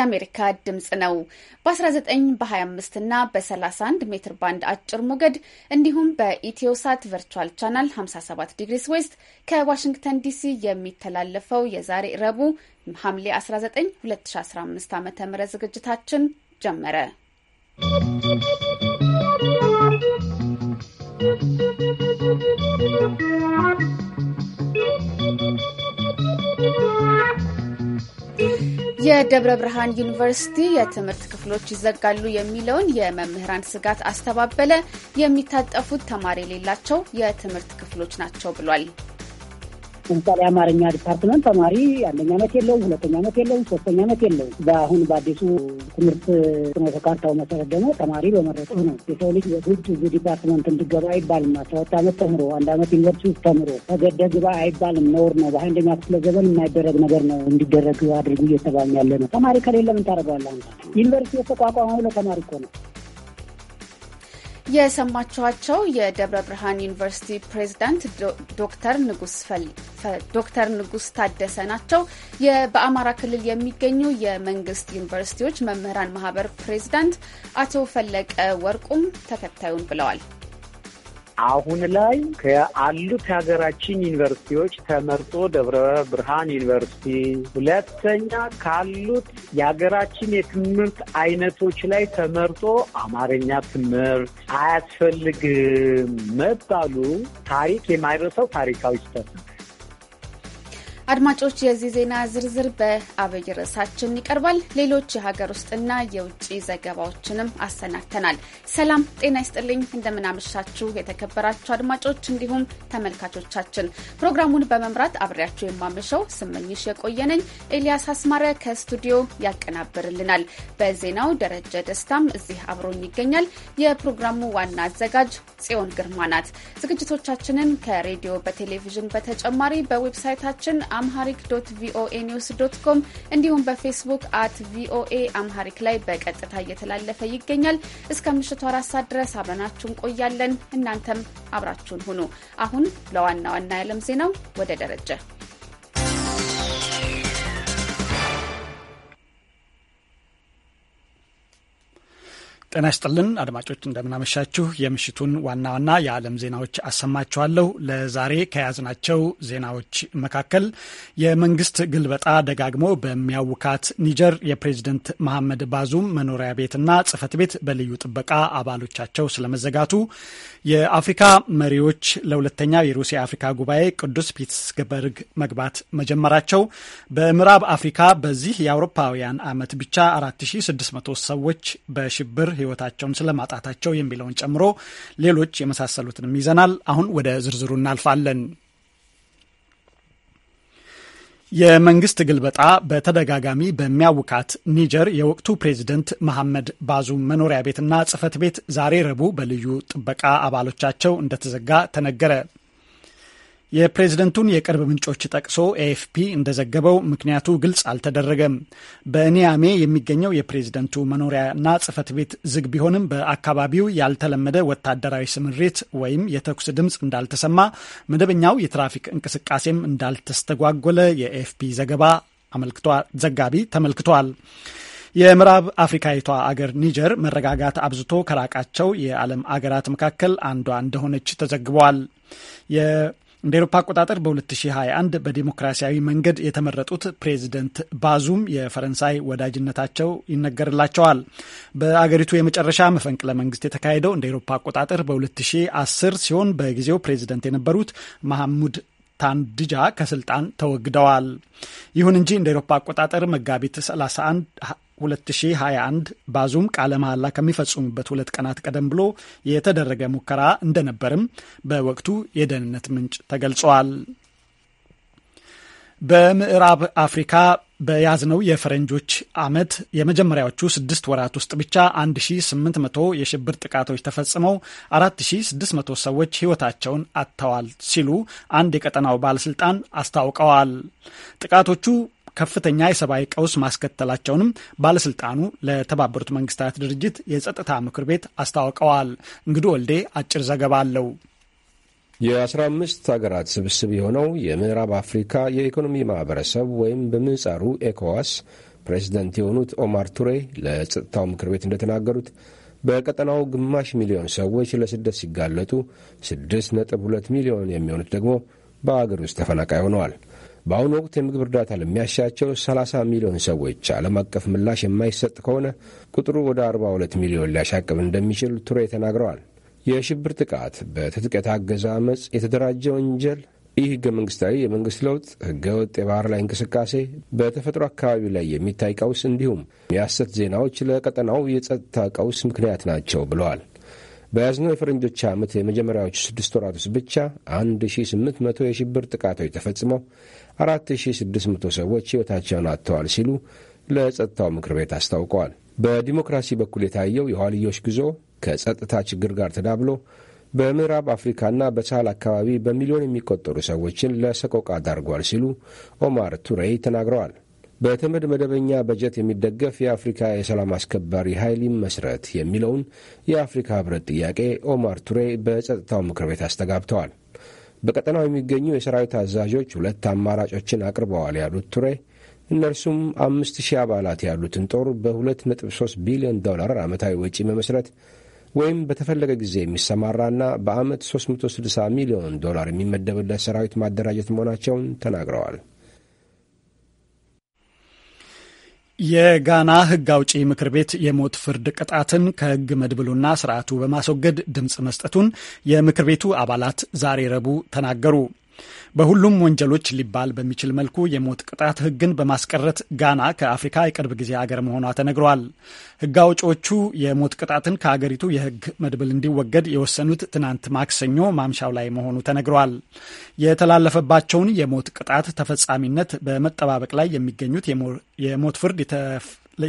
የአሜሪካ ድምፅ ነው። በ19 በ25 እና በ31 ሜትር ባንድ አጭር ሞገድ እንዲሁም በኢትዮሳት ቨርቹዋል ቻናል 57 ዲግሪስ ዌስት ከዋሽንግተን ዲሲ የሚተላለፈው የዛሬ ረቡዕ ሐምሌ 19 2015 ዓ ም ዝግጅታችን ጀመረ። ¶¶ የደብረ ብርሃን ዩኒቨርሲቲ የትምህርት ክፍሎች ይዘጋሉ የሚለውን የመምህራን ስጋት አስተባበለ። የሚታጠፉት ተማሪ የሌላቸው የትምህርት ክፍሎች ናቸው ብሏል። ለምሳሌ አማርኛ ዲፓርትመንት ተማሪ አንደኛ ዓመት የለውም፣ ሁለተኛ ዓመት የለውም፣ ሶስተኛ ዓመት የለውም። በአሁን በአዲሱ ትምህርት ፍኖተ ካርታው መሰረት ደግሞ ተማሪ በመረጡ ነው የሰው ልጅ በትውጭ እዚህ ዲፓርትመንት እንድገባ አይባልም። አስራ ሁለት ዓመት ተምሮ አንድ ዓመት ዩኒቨርሲቲ ውስጥ ተምሮ ተገደ ግባ አይባልም። ነውር ነው። በአንደኛ ክፍለ ዘመን የማይደረግ ነገር ነው እንዲደረግ አድርጉ እየተባልን ያለ ነው። ተማሪ ከሌለ ምን ታደርገዋለህ? ዩኒቨርሲቲ የተቋቋመው ለተማሪ እኮ ነው። የሰማችኋቸው የደብረ ብርሃን ዩኒቨርሲቲ ፕሬዝዳንት ዶክተር ንጉስ ታደሰ ናቸው። በአማራ ክልል የሚገኙ የመንግስት ዩኒቨርሲቲዎች መምህራን ማህበር ፕሬዝዳንት አቶ ፈለቀ ወርቁም ተከታዩን ብለዋል። አሁን ላይ ከአሉት የሀገራችን ዩኒቨርሲቲዎች ተመርጦ ደብረ ብርሃን ዩኒቨርሲቲ፣ ሁለተኛ ካሉት የሀገራችን የትምህርት አይነቶች ላይ ተመርጦ አማርኛ ትምህርት አያስፈልግም መባሉ ታሪክ የማይረሳው ታሪካዊ ስህተት ነው። አድማጮች የዚህ ዜና ዝርዝር በአብይ ርዕሳችን ይቀርባል። ሌሎች የሀገር ውስጥና የውጭ ዘገባዎችንም አሰናድተናል። ሰላም ጤና ይስጥልኝ፣ እንደምናመሻችሁ የተከበራችሁ አድማጮች እንዲሁም ተመልካቾቻችን። ፕሮግራሙን በመምራት አብሬያችሁ የማመሸው ስመኝሽ የቆየነኝ። ኤልያስ አስማሪያ ከስቱዲዮ ያቀናብርልናል። በዜናው ደረጀ ደስታም እዚህ አብሮኝ ይገኛል። የፕሮግራሙ ዋና አዘጋጅ ጽዮን ግርማ ናት። ዝግጅቶቻችንን ከሬዲዮ በቴሌቪዥን በተጨማሪ በዌብሳይታችን አምሃሪክ ዶት ቪኦኤ ኒውስ ዶት ኮም እንዲሁም በፌስቡክ አት ቪኦኤ አምሃሪክ ላይ በቀጥታ እየተላለፈ ይገኛል። እስከ ምሽቱ አራት ሰዓት ድረስ አብረናችሁን ቆያለን። እናንተም አብራችሁን ሁኑ። አሁን ለዋና ዋና የዓለም ዜናው ወደ ደረጀ ጤና ይስጥልን አድማጮች፣ እንደምናመሻችሁ። የምሽቱን ዋና ዋና የዓለም ዜናዎች አሰማችኋለሁ። ለዛሬ ከያዝናቸው ዜናዎች መካከል የመንግስት ግልበጣ ደጋግሞ በሚያውካት ኒጀር የፕሬዚደንት መሐመድ ባዙም መኖሪያ ቤትና ጽህፈት ቤት በልዩ ጥበቃ አባሎቻቸው ስለመዘጋቱ፣ የአፍሪካ መሪዎች ለሁለተኛው የሩሲያ አፍሪካ ጉባኤ ቅዱስ ፒተርስበርግ መግባት መጀመራቸው፣ በምዕራብ አፍሪካ በዚህ የአውሮፓውያን ዓመት ብቻ 4600 ሰዎች በሽብር ህይወታቸውን ስለማጣታቸው የሚለውን ጨምሮ ሌሎች የመሳሰሉትንም ይዘናል። አሁን ወደ ዝርዝሩ እናልፋለን። የመንግስት ግልበጣ በተደጋጋሚ በሚያውካት ኒጀር የወቅቱ ፕሬዚደንት መሐመድ ባዙ መኖሪያ ቤትና ጽህፈት ቤት ዛሬ ረቡዕ በልዩ ጥበቃ አባሎቻቸው እንደተዘጋ ተነገረ። የፕሬዝደንቱን የቅርብ ምንጮች ጠቅሶ ኤኤፍፒ እንደዘገበው ምክንያቱ ግልጽ አልተደረገም። በኒያሜ የሚገኘው የፕሬዝደንቱ መኖሪያና ጽህፈት ቤት ዝግ ቢሆንም በአካባቢው ያልተለመደ ወታደራዊ ስምሪት ወይም የተኩስ ድምፅ እንዳልተሰማ፣ መደበኛው የትራፊክ እንቅስቃሴም እንዳልተስተጓጎለ የኤኤፍፒ ዘገባ ዘጋቢ ተመልክቷል። የምዕራብ አፍሪካዊቷ አገር ኒጀር መረጋጋት አብዝቶ ከራቃቸው የዓለም አገራት መካከል አንዷ እንደሆነች ተዘግበዋል። እንደ ኤሮፓ አቆጣጠር በ2021 በዲሞክራሲያዊ መንገድ የተመረጡት ፕሬዚደንት ባዙም የፈረንሳይ ወዳጅነታቸው ይነገርላቸዋል። በአገሪቱ የመጨረሻ መፈንቅለ መንግስት የተካሄደው እንደ ኤሮፓ አቆጣጠር በ2010 ሲሆን በጊዜው ፕሬዚደንት የነበሩት መሐሙድ ታንድጃ ከስልጣን ተወግደዋል። ይሁን እንጂ እንደ ኤሮፓ አቆጣጠር መጋቢት 31 2021 ባዙም ቃለ መሐላ ከሚፈጽሙበት ሁለት ቀናት ቀደም ብሎ የተደረገ ሙከራ እንደነበርም በወቅቱ የደህንነት ምንጭ ተገልጿል። በምዕራብ አፍሪካ በያዝነው የፈረንጆች ዓመት የመጀመሪያዎቹ ስድስት ወራት ውስጥ ብቻ 1800 የሽብር ጥቃቶች ተፈጽመው 4600 ሰዎች ሕይወታቸውን አጥተዋል ሲሉ አንድ የቀጠናው ባለስልጣን አስታውቀዋል። ጥቃቶቹ ከፍተኛ የሰብአዊ ቀውስ ማስከተላቸውንም ባለስልጣኑ ለተባበሩት መንግስታት ድርጅት የጸጥታ ምክር ቤት አስታውቀዋል። እንግዲ ወልዴ አጭር ዘገባ አለው። የአስራ የ15 ሀገራት ስብስብ የሆነው የምዕራብ አፍሪካ የኢኮኖሚ ማህበረሰብ ወይም በምህጻሩ ኤኮዋስ ፕሬዚደንት የሆኑት ኦማር ቱሬ ለጸጥታው ምክር ቤት እንደተናገሩት በቀጠናው ግማሽ ሚሊዮን ሰዎች ለስደት ሲጋለጡ 6.2 ሚሊዮን የሚሆኑት ደግሞ በአገር ውስጥ ተፈናቃይ ሆነዋል። በአሁኑ ወቅት የምግብ እርዳታ ለሚያሻቸው 30 ሚሊዮን ሰዎች ዓለም አቀፍ ምላሽ የማይሰጥ ከሆነ ቁጥሩ ወደ 42 ሚሊዮን ሊያሻቅብ እንደሚችል ቱሬ ተናግረዋል። የሽብር ጥቃት፣ በትጥቅ የታገዘ አመፅ፣ የተደራጀ ወንጀል፣ ይህ ህገ መንግስታዊ የመንግስት ለውጥ፣ ህገ ወጥ የባህር ላይ እንቅስቃሴ፣ በተፈጥሮ አካባቢ ላይ የሚታይ ቀውስ እንዲሁም የሐሰት ዜናዎች ለቀጠናው የጸጥታ ቀውስ ምክንያት ናቸው ብለዋል። በያዝነው የፈረንጆች ዓመት የመጀመሪያዎቹ ስድስት ወራት ውስጥ ብቻ 1800 የሽብር ጥቃቶች ተፈጽመው 4600 ሰዎች ሕይወታቸውን አጥተዋል ሲሉ ለጸጥታው ምክር ቤት አስታውቀዋል። በዲሞክራሲ በኩል የታየው የኋልዮሽ ጉዞ ከጸጥታ ችግር ጋር ተዳብሎ በምዕራብ አፍሪካና በሳህል አካባቢ በሚሊዮን የሚቆጠሩ ሰዎችን ለሰቆቃ ዳርጓል ሲሉ ኦማር ቱሬይ ተናግረዋል። በተመድ መደበኛ በጀት የሚደገፍ የአፍሪካ የሰላም አስከባሪ ኃይል ይመስረት የሚለውን የአፍሪካ ህብረት ጥያቄ ኦማር ቱሬ በጸጥታው ምክር ቤት አስተጋብተዋል። በቀጠናው የሚገኙ የሰራዊት አዛዦች ሁለት አማራጮችን አቅርበዋል ያሉት ቱሬ እነርሱም አምስት ሺህ አባላት ያሉትን ጦር በ2.3 ቢሊዮን ዶላር ዓመታዊ ወጪ መመስረት ወይም በተፈለገ ጊዜ የሚሰማራና በዓመት 360 ሚሊዮን ዶላር የሚመደብለት ሰራዊት ማደራጀት መሆናቸውን ተናግረዋል። የጋና ሕግ አውጪ ምክር ቤት የሞት ፍርድ ቅጣትን ከሕግ መድብሉና ስርዓቱ በማስወገድ ድምፅ መስጠቱን የምክር ቤቱ አባላት ዛሬ ረቡዕ ተናገሩ። በሁሉም ወንጀሎች ሊባል በሚችል መልኩ የሞት ቅጣት ሕግን በማስቀረት ጋና ከአፍሪካ የቅርብ ጊዜ አገር መሆኗ ተነግሯል። ህግ አውጪዎቹ የሞት ቅጣትን ከአገሪቱ የህግ መድብል እንዲወገድ የወሰኑት ትናንት ማክሰኞ ማምሻው ላይ መሆኑ ተነግሯል። የተላለፈባቸውን የሞት ቅጣት ተፈጻሚነት በመጠባበቅ ላይ የሚገኙት የሞት ፍርድ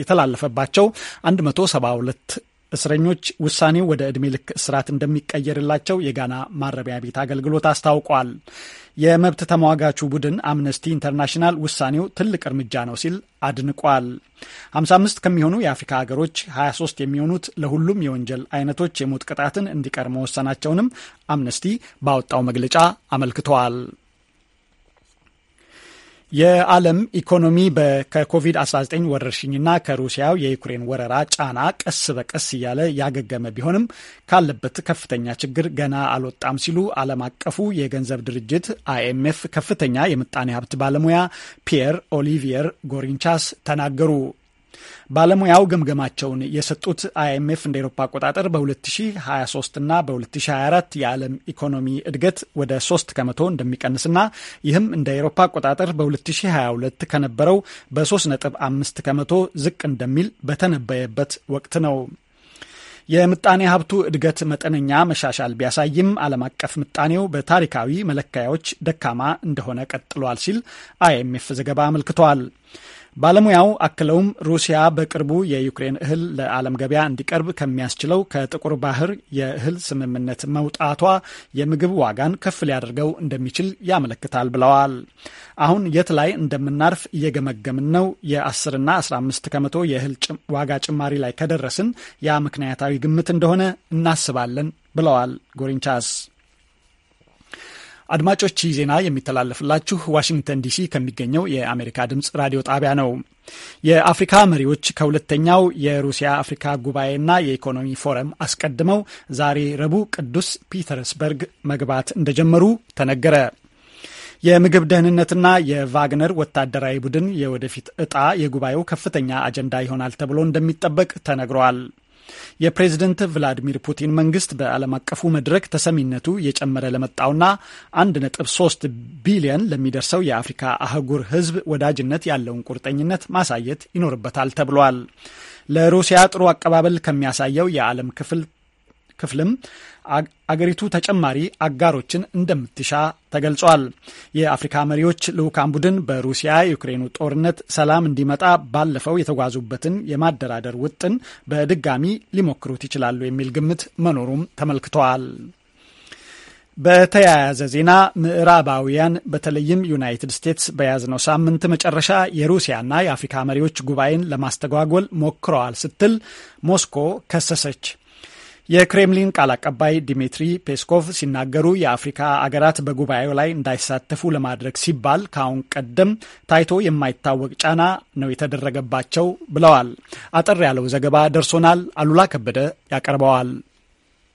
የተላለፈባቸው 172 እስረኞች ውሳኔው ወደ ዕድሜ ልክ እስራት እንደሚቀየርላቸው የጋና ማረሚያ ቤት አገልግሎት አስታውቋል። የመብት ተሟጋቹ ቡድን አምነስቲ ኢንተርናሽናል ውሳኔው ትልቅ እርምጃ ነው ሲል አድንቋል። 55 ከሚሆኑ የአፍሪካ ሀገሮች 23 የሚሆኑት ለሁሉም የወንጀል አይነቶች የሞት ቅጣትን እንዲቀር መወሰናቸውንም አምነስቲ ባወጣው መግለጫ አመልክተዋል። የዓለም ኢኮኖሚ ከኮቪድ-19 ወረርሽኝና ከሩሲያው የዩክሬን ወረራ ጫና ቀስ በቀስ እያለ ያገገመ ቢሆንም ካለበት ከፍተኛ ችግር ገና አልወጣም ሲሉ ዓለም አቀፉ የገንዘብ ድርጅት አይኤምኤፍ ከፍተኛ የምጣኔ ሀብት ባለሙያ ፒየር ኦሊቪየር ጎሪንቻስ ተናገሩ። ባለሙያው ግምገማቸውን የሰጡት አይኤምኤፍ እንደ ኤሮፓ አቆጣጠር በ2023 እና በ2024 የዓለም ኢኮኖሚ እድገት ወደ 3 ከመቶ እንደሚቀንስና ይህም እንደ ኤሮፓ አቆጣጠር በ2022 ከነበረው በ3.5 ከመቶ ዝቅ እንደሚል በተነበየበት ወቅት ነው። የምጣኔ ሀብቱ እድገት መጠነኛ መሻሻል ቢያሳይም ዓለም አቀፍ ምጣኔው በታሪካዊ መለካዮች ደካማ እንደሆነ ቀጥሏል ሲል አይኤምኤፍ ዘገባ አመልክቷል። ባለሙያው አክለውም ሩሲያ በቅርቡ የዩክሬን እህል ለዓለም ገበያ እንዲቀርብ ከሚያስችለው ከጥቁር ባህር የእህል ስምምነት መውጣቷ የምግብ ዋጋን ከፍ ሊያደርገው እንደሚችል ያመለክታል ብለዋል። አሁን የት ላይ እንደምናርፍ እየገመገምን ነው። የ10ና 15 ከመቶ የእህል ዋጋ ጭማሪ ላይ ከደረስን ያ ምክንያታዊ ግምት እንደሆነ እናስባለን ብለዋል ጎሪንቻስ። አድማጮች ይህ ዜና የሚተላለፍላችሁ ዋሽንግተን ዲሲ ከሚገኘው የአሜሪካ ድምፅ ራዲዮ ጣቢያ ነው። የአፍሪካ መሪዎች ከሁለተኛው የሩሲያ አፍሪካ ጉባኤና የኢኮኖሚ ፎረም አስቀድመው ዛሬ ረቡዕ ቅዱስ ፒተርስበርግ መግባት እንደጀመሩ ተነገረ። የምግብ ደህንነትና የቫግነር ወታደራዊ ቡድን የወደፊት ዕጣ የጉባኤው ከፍተኛ አጀንዳ ይሆናል ተብሎ እንደሚጠበቅ ተነግሯል። የፕሬዝደንት ቭላዲሚር ፑቲን መንግስት በዓለም አቀፉ መድረክ ተሰሚነቱ እየጨመረ ለመጣውና 1.3 ቢሊዮን ለሚደርሰው የአፍሪካ አህጉር ህዝብ ወዳጅነት ያለውን ቁርጠኝነት ማሳየት ይኖርበታል ተብሏል። ለሩሲያ ጥሩ አቀባበል ከሚያሳየው የዓለም ክፍል ክፍልም አገሪቱ ተጨማሪ አጋሮችን እንደምትሻ ተገልጿል። የአፍሪካ መሪዎች ልዑካን ቡድን በሩሲያ የዩክሬኑ ጦርነት ሰላም እንዲመጣ ባለፈው የተጓዙበትን የማደራደር ውጥን በድጋሚ ሊሞክሩት ይችላሉ የሚል ግምት መኖሩም ተመልክተዋል። በተያያዘ ዜና ምዕራባውያን በተለይም ዩናይትድ ስቴትስ በያዝነው ሳምንት መጨረሻ የሩሲያና የአፍሪካ መሪዎች ጉባኤን ለማስተጓጎል ሞክረዋል ስትል ሞስኮ ከሰሰች። የክሬምሊን ቃል አቀባይ ዲሚትሪ ፔስኮቭ ሲናገሩ የአፍሪካ አገራት በጉባኤው ላይ እንዳይሳተፉ ለማድረግ ሲባል ከአሁን ቀደም ታይቶ የማይታወቅ ጫና ነው የተደረገባቸው ብለዋል። አጠር ያለው ዘገባ ደርሶናል። አሉላ ከበደ ያቀርበዋል።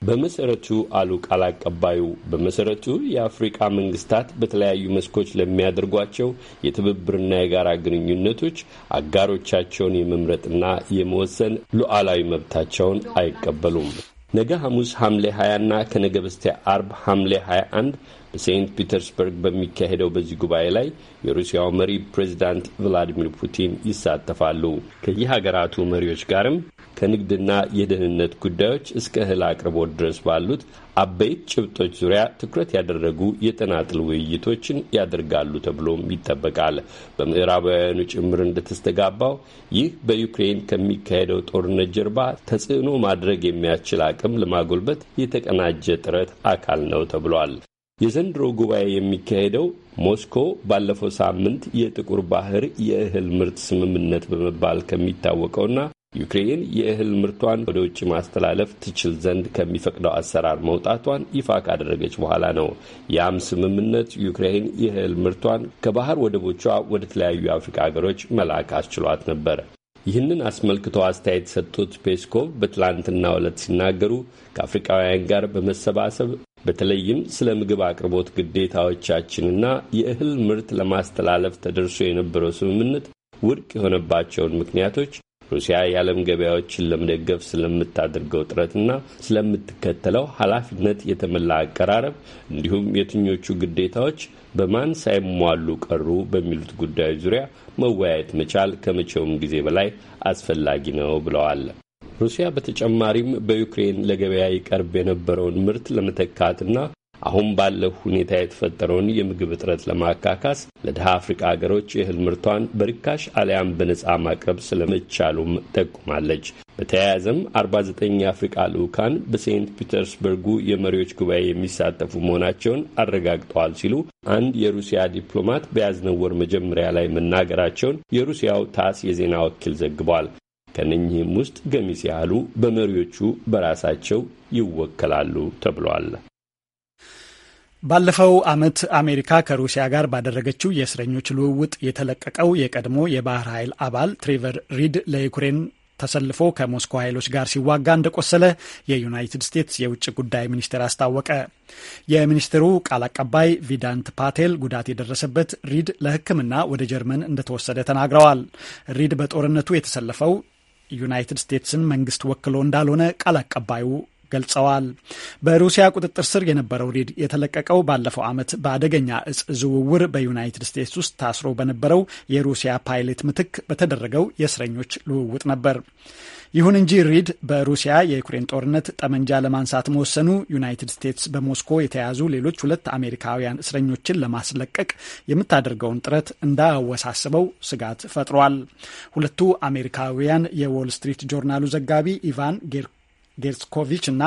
በመሰረቱ አሉ ቃል አቀባዩ፣ በመሰረቱ የአፍሪቃ መንግስታት በተለያዩ መስኮች ለሚያደርጓቸው የትብብርና የጋራ ግንኙነቶች አጋሮቻቸውን የመምረጥና የመወሰን ሉዓላዊ መብታቸውን አይቀበሉም። ነገ ሐሙስ ሐምሌ 20ና ከነገ በስቲያ አርብ ሐምሌ 21 በሴንት ፒተርስበርግ በሚካሄደው በዚህ ጉባኤ ላይ የሩሲያው መሪ ፕሬዚዳንት ቭላዲሚር ፑቲን ይሳተፋሉ። ከየሀገራቱ መሪዎች ጋርም ከንግድና የደህንነት ጉዳዮች እስከ እህል አቅርቦት ድረስ ባሉት አበይት ጭብጦች ዙሪያ ትኩረት ያደረጉ የጠናጥል ውይይቶችን ያደርጋሉ ተብሎም ይጠበቃል። በምዕራባውያኑ ጭምር እንደተስተጋባው ይህ በዩክሬን ከሚካሄደው ጦርነት ጀርባ ተጽዕኖ ማድረግ የሚያስችል አቅም ለማጎልበት የተቀናጀ ጥረት አካል ነው ተብሏል። የዘንድሮ ጉባኤ የሚካሄደው ሞስኮ ባለፈው ሳምንት የጥቁር ባህር የእህል ምርት ስምምነት በመባል ከሚታወቀውና ዩክሬን የእህል ምርቷን ወደ ውጭ ማስተላለፍ ትችል ዘንድ ከሚፈቅደው አሰራር መውጣቷን ይፋ ካደረገች በኋላ ነው። ያም ስምምነት ዩክሬን የእህል ምርቷን ከባህር ወደቦቿ ወደ ተለያዩ የአፍሪካ ሀገሮች መላክ አስችሏት ነበር። ይህንን አስመልክቶ አስተያየት የሰጡት ፔስኮቭ በትላንትና ዕለት ሲናገሩ ከአፍሪካውያን ጋር በመሰባሰብ በተለይም ስለ ምግብ አቅርቦት ግዴታዎቻችንና የእህል ምርት ለማስተላለፍ ተደርሶ የነበረው ስምምነት ውድቅ የሆነባቸውን ምክንያቶች ሩሲያ የዓለም ገበያዎችን ለመደገፍ ስለምታደርገው ጥረትና ስለምትከተለው ኃላፊነት የተሞላ አቀራረብ እንዲሁም የትኞቹ ግዴታዎች በማን ሳይሟሉ ቀሩ በሚሉት ጉዳዮች ዙሪያ መወያየት መቻል ከመቼውም ጊዜ በላይ አስፈላጊ ነው ብለዋል። ሩሲያ በተጨማሪም በዩክሬን ለገበያ ይቀርብ የነበረውን ምርት ለመተካትና አሁን ባለው ሁኔታ የተፈጠረውን የምግብ እጥረት ለማካካስ ለድሃ አፍሪካ ሀገሮች የእህል ምርቷን በርካሽ አሊያም በነፃ ማቅረብ ስለመቻሉም ጠቁማለች። በተያያዘም 49 የአፍሪቃ ልዑካን በሴንት ፒተርስበርጉ የመሪዎች ጉባኤ የሚሳተፉ መሆናቸውን አረጋግጠዋል ሲሉ አንድ የሩሲያ ዲፕሎማት በያዝነው ወር መጀመሪያ ላይ መናገራቸውን የሩሲያው ታስ የዜና ወኪል ዘግቧል። ከነኚህም ውስጥ ገሚስ ያህሉ በመሪዎቹ በራሳቸው ይወከላሉ ተብሏል። ባለፈው ዓመት አሜሪካ ከሩሲያ ጋር ባደረገችው የእስረኞች ልውውጥ የተለቀቀው የቀድሞ የባህር ኃይል አባል ትሬቨር ሪድ ለዩክሬን ተሰልፎ ከሞስኮ ኃይሎች ጋር ሲዋጋ እንደቆሰለ የዩናይትድ ስቴትስ የውጭ ጉዳይ ሚኒስቴር አስታወቀ። የሚኒስትሩ ቃል አቀባይ ቪዳንት ፓቴል ጉዳት የደረሰበት ሪድ ለሕክምና ወደ ጀርመን እንደተወሰደ ተናግረዋል። ሪድ በጦርነቱ የተሰለፈው ዩናይትድ ስቴትስን መንግስት ወክሎ እንዳልሆነ ቃል አቀባዩ ገልጸዋል። በሩሲያ ቁጥጥር ስር የነበረው ሪድ የተለቀቀው ባለፈው ዓመት በአደገኛ እጽ ዝውውር በዩናይትድ ስቴትስ ውስጥ ታስሮ በነበረው የሩሲያ ፓይለት ምትክ በተደረገው የእስረኞች ልውውጥ ነበር። ይሁን እንጂ ሪድ በሩሲያ የዩክሬን ጦርነት ጠመንጃ ለማንሳት መወሰኑ ዩናይትድ ስቴትስ በሞስኮ የተያዙ ሌሎች ሁለት አሜሪካውያን እስረኞችን ለማስለቀቅ የምታደርገውን ጥረት እንዳያወሳስበው ስጋት ፈጥሯል። ሁለቱ አሜሪካውያን የዎል ስትሪት ጆርናሉ ዘጋቢ ኢቫን ጌር ጌርስኮቪች እና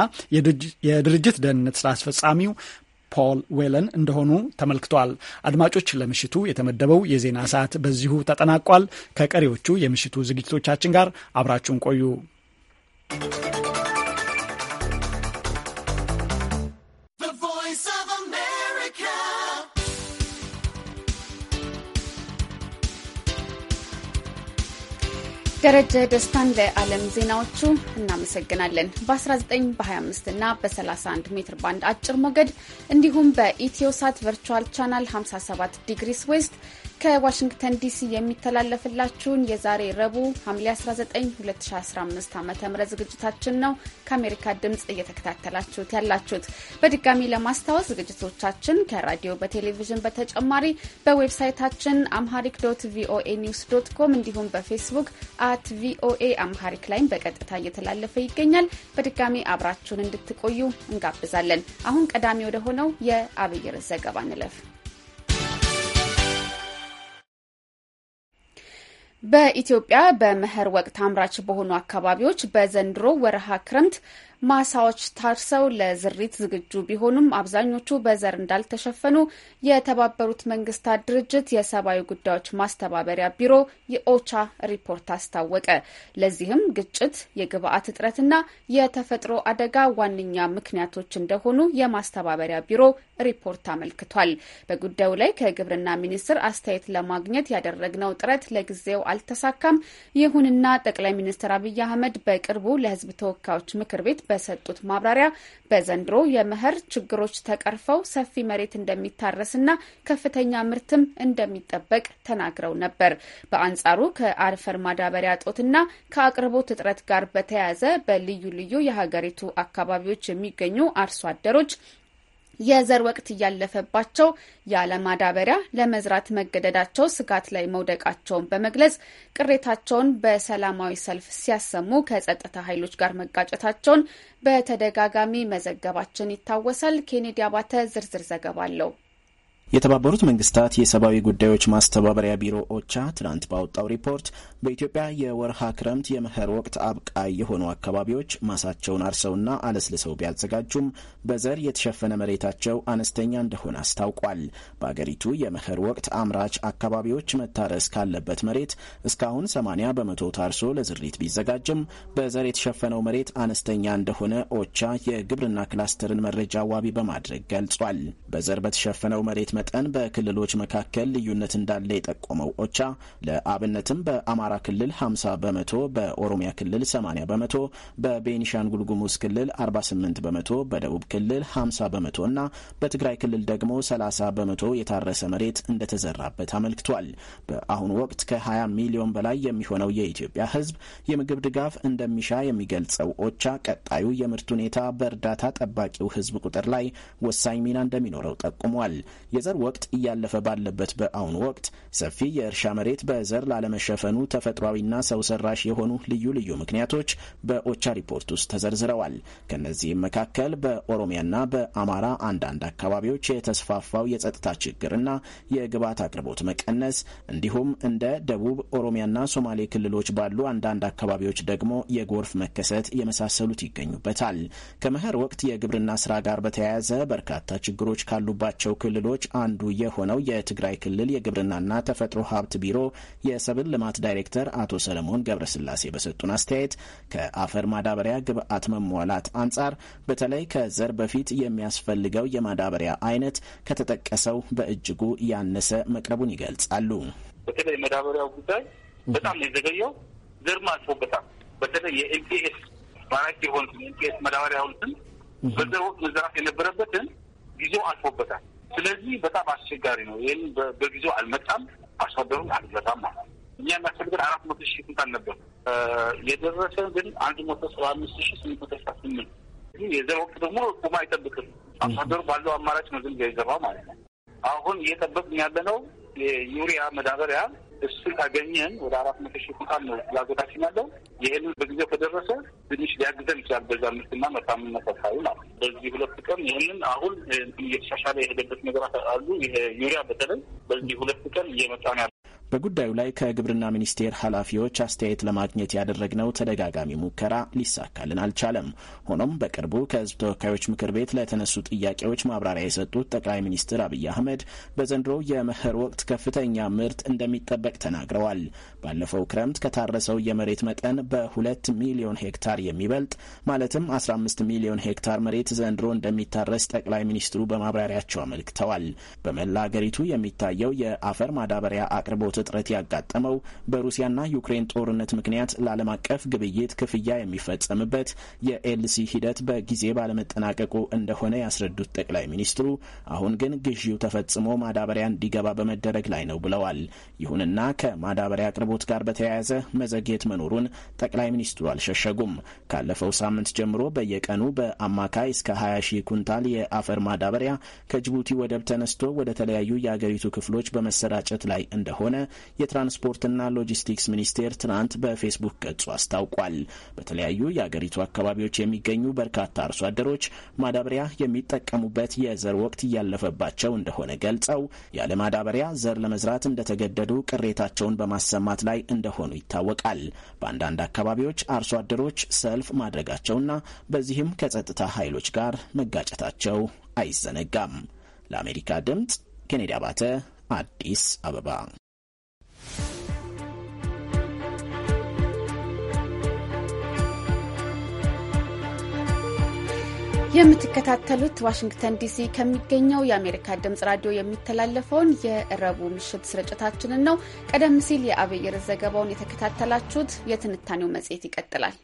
የድርጅት ደህንነት ስራ አስፈጻሚው ፖል ዌለን እንደሆኑ ተመልክቷል። አድማጮች፣ ለምሽቱ የተመደበው የዜና ሰዓት በዚሁ ተጠናቋል። ከቀሪዎቹ የምሽቱ ዝግጅቶቻችን ጋር አብራችሁን ቆዩ። ደረጀ ደስታን ለዓለም ዜናዎቹ እናመሰግናለን። በ19 በ25 እና በ31 ሜትር ባንድ አጭር ሞገድ እንዲሁም በኢትዮሳት ቨርቹዋል ቻናል 57 ዲግሪስ ዌስት ከዋሽንግተን ዲሲ የሚተላለፍላችሁን የዛሬ ረቡዕ ሐምሌ 19 2015 ዓ ም ዝግጅታችን ነው ከአሜሪካ ድምፅ እየተከታተላችሁት ያላችሁት። በድጋሚ ለማስታወስ ዝግጅቶቻችን ከራዲዮ በቴሌቪዥን በተጨማሪ በዌብሳይታችን አምሃሪክ ዶት ቪኦኤ ኒውስ ዶት ኮም እንዲሁም በፌስቡክ አት ቪኦኤ አምሃሪክ ላይም በቀጥታ እየተላለፈ ይገኛል። በድጋሚ አብራችሁን እንድትቆዩ እንጋብዛለን። አሁን ቀዳሚ ወደ ሆነው የአብይ ዘገባ እንለፍ። በኢትዮጵያ በመኸር ወቅት አምራች በሆኑ አካባቢዎች በዘንድሮ ወርሃ ክረምት ማሳዎች ታርሰው ለዝሪት ዝግጁ ቢሆኑም አብዛኞቹ በዘር እንዳልተሸፈኑ የተባበሩት መንግስታት ድርጅት የሰብአዊ ጉዳዮች ማስተባበሪያ ቢሮ የኦቻ ሪፖርት አስታወቀ። ለዚህም ግጭት፣ የግብአት እጥረትና የተፈጥሮ አደጋ ዋነኛ ምክንያቶች እንደሆኑ የማስተባበሪያ ቢሮ ሪፖርት አመልክቷል። በጉዳዩ ላይ ከግብርና ሚኒስቴር አስተያየት ለማግኘት ያደረግነው ጥረት ለጊዜው አልተሳካም። ይሁንና ጠቅላይ ሚኒስትር አብይ አህመድ በቅርቡ ለህዝብ ተወካዮች ምክር ቤት በሰጡት ማብራሪያ በዘንድሮ የመኸር ችግሮች ተቀርፈው ሰፊ መሬት እንደሚታረስና ከፍተኛ ምርትም እንደሚጠበቅ ተናግረው ነበር። በአንጻሩ ከአፈር ማዳበሪያ እጦትና ከአቅርቦት እጥረት ጋር በተያያዘ በልዩ ልዩ የሀገሪቱ አካባቢዎች የሚገኙ አርሶ አደሮች የዘር ወቅት እያለፈባቸው ማዳበሪያ ለመዝራት መገደዳቸው ስጋት ላይ መውደቃቸውን በመግለጽ ቅሬታቸውን በሰላማዊ ሰልፍ ሲያሰሙ ከጸጥታ ኃይሎች ጋር መጋጨታቸውን በተደጋጋሚ መዘገባችን ይታወሳል። ኬኔዲ አባተ ዝርዝር ዘገባ አለው። የተባበሩት መንግስታት የሰብአዊ ጉዳዮች ማስተባበሪያ ቢሮ ኦቻ ትናንት ባወጣው ሪፖርት በኢትዮጵያ የወርሃ ክረምት የመኸር ወቅት አብቃይ የሆኑ አካባቢዎች ማሳቸውን አርሰውና አለስልሰው ቢያዘጋጁም በዘር የተሸፈነ መሬታቸው አነስተኛ እንደሆነ አስታውቋል። በአገሪቱ የመኸር ወቅት አምራች አካባቢዎች መታረስ ካለበት መሬት እስካሁን 80 በመቶ ታርሶ ለዝሪት ቢዘጋጅም በዘር የተሸፈነው መሬት አነስተኛ እንደሆነ ኦቻ የግብርና ክላስተርን መረጃ ዋቢ በማድረግ ገልጿል። በዘር በተሸፈነው መሬት መጠን በክልሎች መካከል ልዩነት እንዳለ የጠቆመው ኦቻ ለአብነትም በአማራ ክልል 50 በመቶ፣ በኦሮሚያ ክልል 80 በመቶ፣ በቤኒሻንጉል ጉሙዝ ክልል 48 በመቶ፣ በደቡብ ክልል 50 በመቶ እና በትግራይ ክልል ደግሞ 30 በመቶ የታረሰ መሬት እንደተዘራበት አመልክቷል። በአሁኑ ወቅት ከ20 ሚሊዮን በላይ የሚሆነው የኢትዮጵያ ሕዝብ የምግብ ድጋፍ እንደሚሻ የሚገልጸው ኦቻ ቀጣዩ የምርት ሁኔታ በእርዳታ ጠባቂው ሕዝብ ቁጥር ላይ ወሳኝ ሚና እንደሚኖረው ጠቁሟል። የዘር ወቅት እያለፈ ባለበት በአሁኑ ወቅት ሰፊ የእርሻ መሬት በዘር ላለመሸፈኑ ተፈጥሯዊና ሰው ሰራሽ የሆኑ ልዩ ልዩ ምክንያቶች በኦቻ ሪፖርት ውስጥ ተዘርዝረዋል። ከእነዚህም መካከል በኦሮሚያና በአማራ አንዳንድ አካባቢዎች የተስፋፋው የጸጥታ ችግርና የግብዓት አቅርቦት መቀነስ እንዲሁም እንደ ደቡብ ኦሮሚያና ሶማሌ ክልሎች ባሉ አንዳንድ አካባቢዎች ደግሞ የጎርፍ መከሰት የመሳሰሉት ይገኙበታል። ከመኸር ወቅት የግብርና ስራ ጋር በተያያዘ በርካታ ችግሮች ካሉባቸው ክልሎች አንዱ የሆነው የትግራይ ክልል የግብርናና ተፈጥሮ ሀብት ቢሮ የሰብል ልማት ዳይሬክተር አቶ ሰለሞን ገብረስላሴ በሰጡን አስተያየት ከአፈር ማዳበሪያ ግብአት መሟላት አንጻር በተለይ ከዘር በፊት የሚያስፈልገው የማዳበሪያ አይነት ከተጠቀሰው በእጅጉ ያነሰ መቅረቡን ይገልጻሉ። በተለይ ማዳበሪያው ጉዳይ በጣም የዘገየው ዘር አልፎበታል። በተለይ የኤምፒኤስ ማራኪ የሆኑትን ኤምፒኤስ ማዳበሪያ ሁሉትን በዘር ወቅት መዘራት የነበረበትን ጊዜው አልፎበታል። ስለዚህ በጣም አስቸጋሪ ነው። ይህን በጊዜው አልመጣም፣ አርሶአደሩም አልመጣም ማለት ነው። እኛ የሚያስፈልገን አራት መቶ ሺህ ኩንታል ነበር የደረሰን ግን አንድ መቶ ሰባ አምስት ሺህ ስምንት መቶ ሰባ ስምንት የዘር ወቅት ደግሞ ቁማ አይጠብቅም። አርሶአደሩ ባለው አማራጭ ነው ዝም ብሎ ማለት ነው። አሁን እየጠበቅን ያለ ነው የዩሪያ መዳበሪያ እሱ ካገኘን ወደ አራት መቶ ሺህ ቁጣን ነው ላዘጋችን ያለው። ይህንን በጊዜው ከደረሰ ትንሽ ሊያግዘን ይችላል። በዛ ምርትና መታምነት አካባቢ ማለት በዚህ ሁለት ቀን ይህንን አሁን እየተሻሻለ የሄደበት ነገራት አሉ። ይሄ ዩሪያ በተለይ በዚህ ሁለት ቀን እየመጣ ነው ያለ በጉዳዩ ላይ ከግብርና ሚኒስቴር ኃላፊዎች አስተያየት ለማግኘት ያደረግነው ተደጋጋሚ ሙከራ ሊሳካልን አልቻለም። ሆኖም በቅርቡ ከህዝብ ተወካዮች ምክር ቤት ለተነሱ ጥያቄዎች ማብራሪያ የሰጡት ጠቅላይ ሚኒስትር አብይ አህመድ በዘንድሮ የመኸር ወቅት ከፍተኛ ምርት እንደሚጠበቅ ተናግረዋል። ባለፈው ክረምት ከታረሰው የመሬት መጠን በሁለት ሚሊዮን ሄክታር የሚበልጥ ማለትም 15 ሚሊዮን ሄክታር መሬት ዘንድሮ እንደሚታረስ ጠቅላይ ሚኒስትሩ በማብራሪያቸው አመልክተዋል። በመላ አገሪቱ የሚታየው የአፈር ማዳበሪያ አቅርቦት እጥረት ያጋጠመው በሩሲያና ዩክሬን ጦርነት ምክንያት ለዓለም አቀፍ ግብይት ክፍያ የሚፈጸምበት የኤልሲ ሂደት በጊዜ ባለመጠናቀቁ እንደሆነ ያስረዱት ጠቅላይ ሚኒስትሩ አሁን ግን ግዢው ተፈጽሞ ማዳበሪያ እንዲገባ በመደረግ ላይ ነው ብለዋል። ይሁንና ከማዳበሪያ አቅርቦት ጋር በተያያዘ መዘግየት መኖሩን ጠቅላይ ሚኒስትሩ አልሸሸጉም። ካለፈው ሳምንት ጀምሮ በየቀኑ በአማካይ እስከ 20 ሺህ ኩንታል የአፈር ማዳበሪያ ከጅቡቲ ወደብ ተነስቶ ወደ ተለያዩ የአገሪቱ ክፍሎች በመሰራጨት ላይ እንደሆነ የትራንስፖርትና ሎጂስቲክስ ሚኒስቴር ትናንት በፌስቡክ ገጹ አስታውቋል። በተለያዩ የአገሪቱ አካባቢዎች የሚገኙ በርካታ አርሶ አደሮች ማዳበሪያ የሚጠቀሙበት የዘር ወቅት እያለፈባቸው እንደሆነ ገልጸው ያለ ማዳበሪያ ዘር ለመዝራት እንደተገደዱ ቅሬታቸውን በማሰማት ላይ እንደሆኑ ይታወቃል። በአንዳንድ አካባቢዎች አርሶ አደሮች ሰልፍ ማድረጋቸውና በዚህም ከጸጥታ ኃይሎች ጋር መጋጨታቸው አይዘነጋም። ለአሜሪካ ድምፅ ኬኔዲ አባተ አዲስ አበባ የምትከታተሉት ዋሽንግተን ዲሲ ከሚገኘው የአሜሪካ ድምጽ ራዲዮ የሚተላለፈውን የእረቡ ምሽት ስርጭታችንን ነው። ቀደም ሲል የአብይር ዘገባውን የተከታተላችሁት። የትንታኔው መጽሔት ይቀጥላል።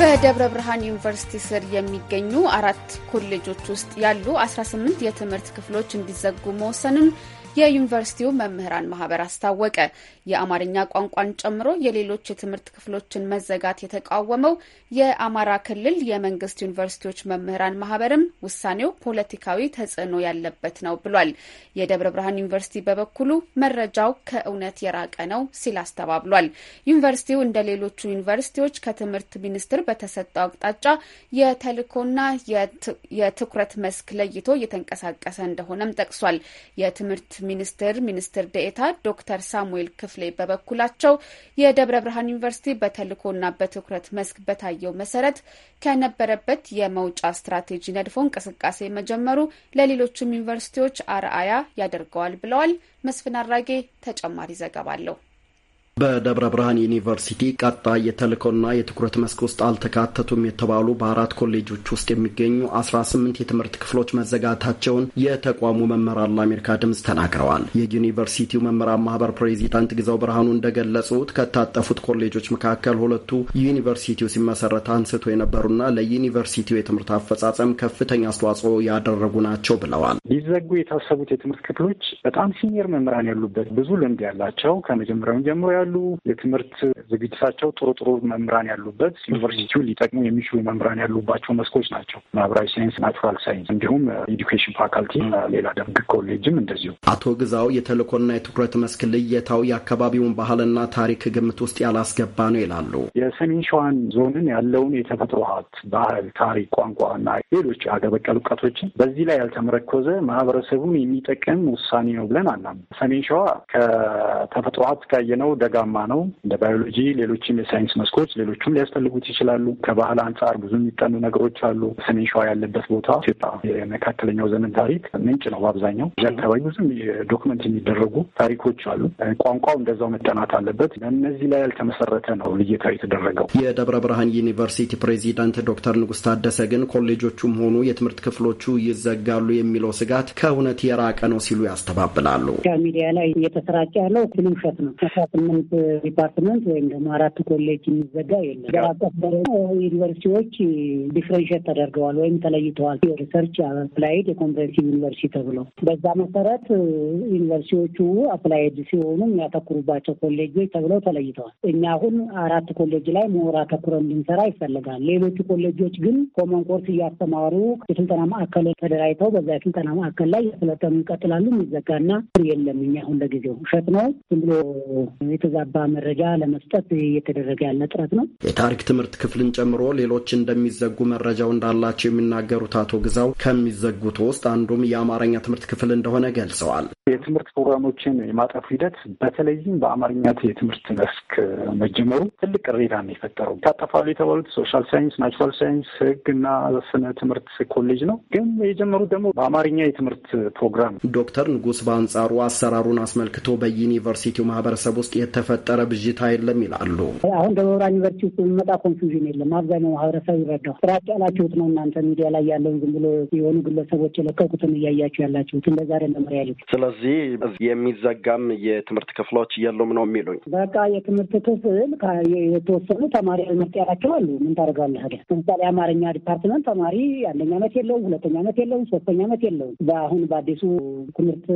በደብረ ብርሃን ዩኒቨርሲቲ ስር የሚገኙ አራት ኮሌጆች ውስጥ ያሉ 18 የትምህርት ክፍሎች እንዲዘጉ መወሰኑን የዩኒቨርሲቲው መምህራን ማህበር አስታወቀ። የአማርኛ ቋንቋን ጨምሮ የሌሎች የትምህርት ክፍሎችን መዘጋት የተቃወመው የአማራ ክልል የመንግስት ዩኒቨርሲቲዎች መምህራን ማህበርም ውሳኔው ፖለቲካዊ ተጽዕኖ ያለበት ነው ብሏል። የደብረ ብርሃን ዩኒቨርሲቲ በበኩሉ መረጃው ከእውነት የራቀ ነው ሲል አስተባብሏል። ዩኒቨርሲቲው እንደ ሌሎቹ ዩኒቨርሲቲዎች ከትምህርት ሚኒስቴር በተሰጠው አቅጣጫ የተልእኮና የትኩረት መስክ ለይቶ እየተንቀሳቀሰ እንደሆነም ጠቅሷል። የትምህርት ሚኒስትር ሚኒስትር ደኤታ ዶክተር ሳሙኤል ክፍሌ በበኩላቸው የደብረ ብርሃን ዩኒቨርሲቲ በተልእኮና በትኩረት መስክ በታየው መሰረት ከነበረበት የመውጫ ስትራቴጂ ነድፎ እንቅስቃሴ መጀመሩ ለሌሎችም ዩኒቨርሲቲዎች አርአያ ያደርገዋል ብለዋል። መስፍን አራጌ ተጨማሪ ዘገባ አለው። በደብረ ብርሃን ዩኒቨርሲቲ ቀጣይ የተልእኮና የትኩረት መስክ ውስጥ አልተካተቱም የተባሉ በአራት ኮሌጆች ውስጥ የሚገኙ 18 የትምህርት ክፍሎች መዘጋታቸውን የተቋሙ መምህራን ለአሜሪካ ድምፅ ተናግረዋል። የዩኒቨርሲቲው መምህራን ማህበር ፕሬዚዳንት ግዛው ብርሃኑ እንደገለጹት ከታጠፉት ኮሌጆች መካከል ሁለቱ ዩኒቨርሲቲው ሲመሰረት አንስቶ የነበሩና ለዩኒቨርሲቲው የትምህርት አፈጻጸም ከፍተኛ አስተዋጽኦ ያደረጉ ናቸው ብለዋል። ሊዘጉ የታሰቡት የትምህርት ክፍሎች በጣም ሲኒየር መምህራን ያሉበት ብዙ ልምድ ያላቸው ከመጀመሪያውን ጀምሮ ያሉ የትምህርት ዝግጅታቸው ጥሩ ጥሩ መምህራን ያሉበት ዩኒቨርሲቲውን ሊጠቅሙ የሚችሉ መምህራን ያሉባቸው መስኮች ናቸው። ማህበራዊ ሳይንስ፣ ናቹራል ሳይንስ እንዲሁም ኤዱኬሽን ፋካልቲ፣ ሌላ ደምግ ኮሌጅም እንደዚሁ። አቶ ግዛው የተልእኮና የትኩረት መስክ ልየታው የአካባቢውን ባህልና ታሪክ ግምት ውስጥ ያላስገባ ነው ይላሉ። የሰሜን ሸዋን ዞንን ያለውን የተፈጥሮ ሀብት፣ ባህል፣ ታሪክ፣ ቋንቋ ቋንቋና ሌሎች ሀገር በቀል እውቀቶችን በዚህ ላይ ያልተመረኮዘ ማህበረሰቡን የሚጠቅም ውሳኔ ነው ብለን አናም ሰሜን ሸዋ ከተፈጥሮ ሀብት ካየነው ደ ዘርጋማ ነው። እንደ ባዮሎጂ፣ ሌሎችም የሳይንስ መስኮች ሌሎቹም ሊያስፈልጉት ይችላሉ። ከባህል አንጻር ብዙ የሚጠኑ ነገሮች አሉ። ሰሜን ሸዋ ያለበት ቦታ ኢትዮጵያ የመካከለኛው ዘመን ታሪክ ምንጭ ነው። በአብዛኛው እዚ አካባቢ ብዙም ዶክመንት የሚደረጉ ታሪኮች አሉ። ቋንቋው እንደዛው መጠናት አለበት። እነዚህ ላይ ያልተመሰረተ ነው ልየታ የተደረገው። የደብረ ብርሃን ዩኒቨርሲቲ ፕሬዚዳንት ዶክተር ንጉስ ታደሰ ግን ኮሌጆቹም ሆኑ የትምህርት ክፍሎቹ ይዘጋሉ የሚለው ስጋት ከእውነት የራቀ ነው ሲሉ ያስተባብላሉ። ሚዲያ ላይ እየተሰራጨ ያለው ውሸት ነው። ሳይንስ ዲፓርትመንት ወይም ደግሞ አራት ኮሌጅ የሚዘጋ የለም። ሀገር አቀፍ ደረጃ ዩኒቨርሲቲዎች ተደርገዋል ወይም ተለይተዋል። ሪሰርች አፕላይድ የኮምፕሬንሲቭ ዩኒቨርሲቲ ተብሎ በዛ መሰረት ዩኒቨርሲቲዎቹ አፕላይድ ሲሆኑ የሚያተኩሩባቸው ኮሌጆች ተብለው ተለይተዋል። እኛ አሁን አራት ኮሌጅ ላይ ምሁር አተኩረ እንድንሰራ ይፈልጋል። ሌሎቹ ኮሌጆች ግን ኮመን ኮርስ እያስተማሩ የስልጠና ማዕከል ተደራጅተው በዛ የስልጠና ማዕከል ላይ የስለጠኑ ይቀጥላሉ። የሚዘጋና የለም። እኛ አሁን ለጊዜው ውሸት ነው ዝም ብሎ የተዛባ መረጃ ለመስጠት እየተደረገ ያለ ጥረት ነው። የታሪክ ትምህርት ክፍልን ጨምሮ ሌሎች እንደሚዘጉ መረጃው እንዳላቸው የሚናገሩት አቶ ግዛው ከሚዘጉት ውስጥ አንዱም የአማርኛ ትምህርት ክፍል እንደሆነ ገልጸዋል። የትምህርት ፕሮግራሞችን የማጠፉ ሂደት በተለይም በአማርኛ የትምህርት መስክ መጀመሩ ትልቅ ቅሬታ ነው የፈጠረው። ታጠፋሉ የተባሉት ሶሻል ሳይንስ፣ ናቹራል ሳይንስ፣ ህግ እና ስነ ትምህርት ኮሌጅ ነው። ግን የጀመሩት ደግሞ በአማርኛ የትምህርት ፕሮግራም። ዶክተር ንጉስ በአንጻሩ አሰራሩን አስመልክቶ በዩኒቨርሲቲው ማህበረሰብ ውስጥ የተ የተፈጠረ ብዥታ የለም ይላሉ። አሁን ደብረ ብርሃን ዩኒቨርሲቲ ውስጥ የሚመጣ ኮንፊውዥን የለም። አብዛኛው ማህበረሰብ ይረዳው ስራ ጫላችሁት ነው። እናንተ ሚዲያ ላይ ያለው ዝም ብሎ የሆኑ ግለሰቦች የለቀቁትን እያያችሁ ያላችሁት እንደዛ አይደለም ሪያሊቲ። ስለዚህ የሚዘጋም የትምህርት ክፍሎች የሉም ነው የሚሉኝ። በቃ የትምህርት ክፍል የተወሰኑ ተማሪ ምርጥ ያላቸው አሉ። ምን ታደርጋለህ? ለምሳሌ አማርኛ ዲፓርትመንት ተማሪ አንደኛ ዓመት የለውም፣ ሁለተኛ አመት የለውም፣ ሶስተኛ አመት የለውም። በአሁን በአዲሱ ትምህርት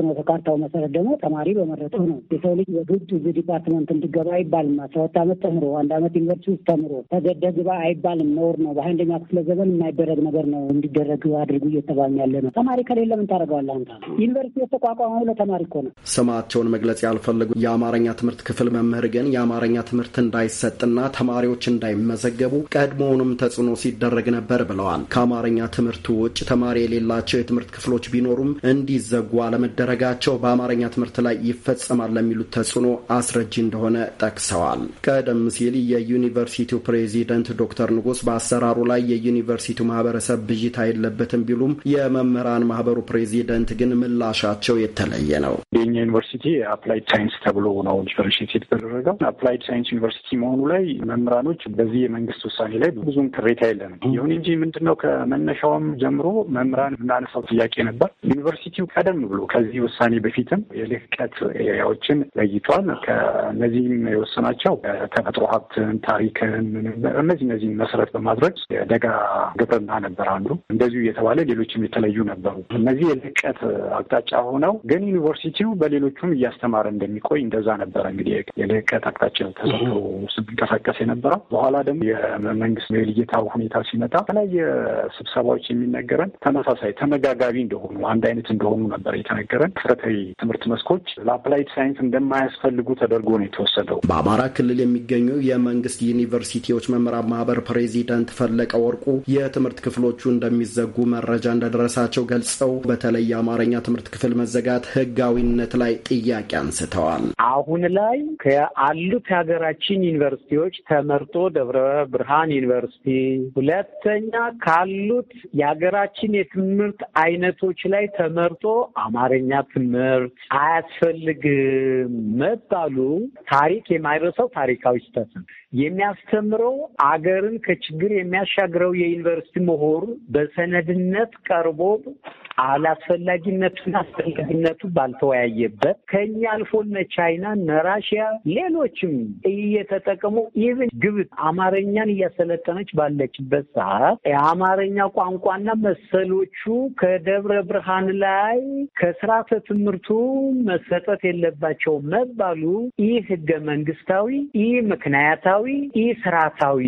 ፍኖተ ካርታው መሰረት ደግሞ ተማሪ በመረጠው ነው የሰው ልጅ በግድ ዲፓርትመንት እንድገባ አይባልም። አስራ ሁለት ዓመት ተምሮ አንድ ዓመት ዩኒቨርሲቲ ውስጥ ተምሮ ተገደ ግባ አይባልም። ነውር ነው። በሀያ ክፍለ ዘመን የማይደረግ ነገር ነው እንዲደረግ አድርጉ እየተባለ ያለ ነው። ተማሪ ከሌለ ምን ታደርገዋለህ አንተ? ዩኒቨርሲቲ የተቋቋመው ለተማሪ እኮ ነው። ስማቸውን መግለጽ ያልፈለጉ የአማርኛ ትምህርት ክፍል መምህር ግን የአማርኛ ትምህርት እንዳይሰጥና ተማሪዎች እንዳይመዘገቡ ቀድሞውንም ተጽዕኖ ሲደረግ ነበር ብለዋል። ከአማርኛ ትምህርቱ ውጭ ተማሪ የሌላቸው የትምህርት ክፍሎች ቢኖሩም እንዲዘጉ አለመደረጋቸው በአማርኛ ትምህርት ላይ ይፈጸማል ለሚሉት ተጽዕኖ አስረጂ እንደሆነ ጠቅሰዋል። ቀደም ሲል የዩኒቨርሲቲው ፕሬዚደንት ዶክተር ንጉስ በአሰራሩ ላይ የዩኒቨርሲቲው ማህበረሰብ ብዥታ የለበትም ቢሉም የመምህራን ማህበሩ ፕሬዚደንት ግን ምላሻቸው የተለየ ነው። የኛ ዩኒቨርሲቲ አፕላይድ ሳይንስ ተብሎ ነው ዲፈረንሽት የተደረገው። አፕላይድ ሳይንስ ዩኒቨርሲቲ መሆኑ ላይ መምህራኖች በዚህ የመንግስት ውሳኔ ላይ ብዙም ቅሬታ የለንም። ይሁን እንጂ ምንድነው ከመነሻውም ጀምሮ መምህራን እናነሳው ጥያቄ ነበር። ዩኒቨርሲቲው ቀደም ብሎ ከዚህ ውሳኔ በፊትም የልህቀት ኤሪያዎችን ለይቷል። ከእነዚህም የወሰናቸው ተፈጥሮ ሀብትን፣ ታሪክን እነዚህ እነዚህን መሰረት በማድረግ የደጋ ግብርና ነበር አንዱ እንደዚሁ እየተባለ ሌሎችም የተለዩ ነበሩ። እነዚህ የልቀት አቅጣጫ ሆነው ግን ዩኒቨርሲቲው በሌሎቹም እያስተማረ እንደሚቆይ እንደዛ ነበረ እንግዲህ የልቀት አቅጣጫ ተሰቶ ስንቀሳቀስ የነበረው። በኋላ ደግሞ የመንግስት የልየታ ሁኔታ ሲመጣ የተለያየ ስብሰባዎች የሚነገረን ተመሳሳይ ተመጋጋቢ እንደሆኑ አንድ አይነት እንደሆኑ ነበር የተነገረን። መሰረታዊ ትምህርት መስኮች ለአፕላይድ ሳይንስ እንደማያስፈልጉ ተደርጎ ነው የተወሰደው። በአማራ ክልል የሚገኙ የመንግስት ዩኒቨርሲቲዎች መምህራን ማህበር ፕሬዚደንት ፈለቀ ወርቁ የትምህርት ክፍሎቹ እንደሚዘጉ መረጃ እንደደረሳቸው ገልጸው በተለይ የአማርኛ ትምህርት ክፍል መዘጋት ህጋዊነት ላይ ጥያቄ አንስተዋል። አሁን ላይ ከአሉት የሀገራችን ዩኒቨርሲቲዎች ተመርጦ ደብረ ብርሃን ዩኒቨርሲቲ ሁለተኛ ካሉት የሀገራችን የትምህርት አይነቶች ላይ ተመርጦ አማርኛ ትምህርት አያስፈልግም መባሉ ካሉ ታሪክ የማይረሳው ታሪካዊ ስህተት ነው። የሚያስተምረው አገርን ከችግር የሚያሻግረው የዩኒቨርሲቲ ምሁር በሰነድነት ቀርቦ አላስፈላጊነቱና አስፈላጊነቱ ባልተወያየበት ከኛ አልፎ እነ ቻይና እነ ራሽያ ሌሎችም እየተጠቀሙ ኢቭን ግብፅ አማርኛን እያሰለጠነች ባለችበት ሰዓት የአማርኛ ቋንቋና መሰሎቹ ከደብረ ብርሃን ላይ ከስርዓተ ትምህርቱ መሰጠት የለባቸው መባሉ ይህ ህገ መንግስታዊ፣ ይህ ምክንያታዊ ሀገራዊ ኢ ስርዓታዊ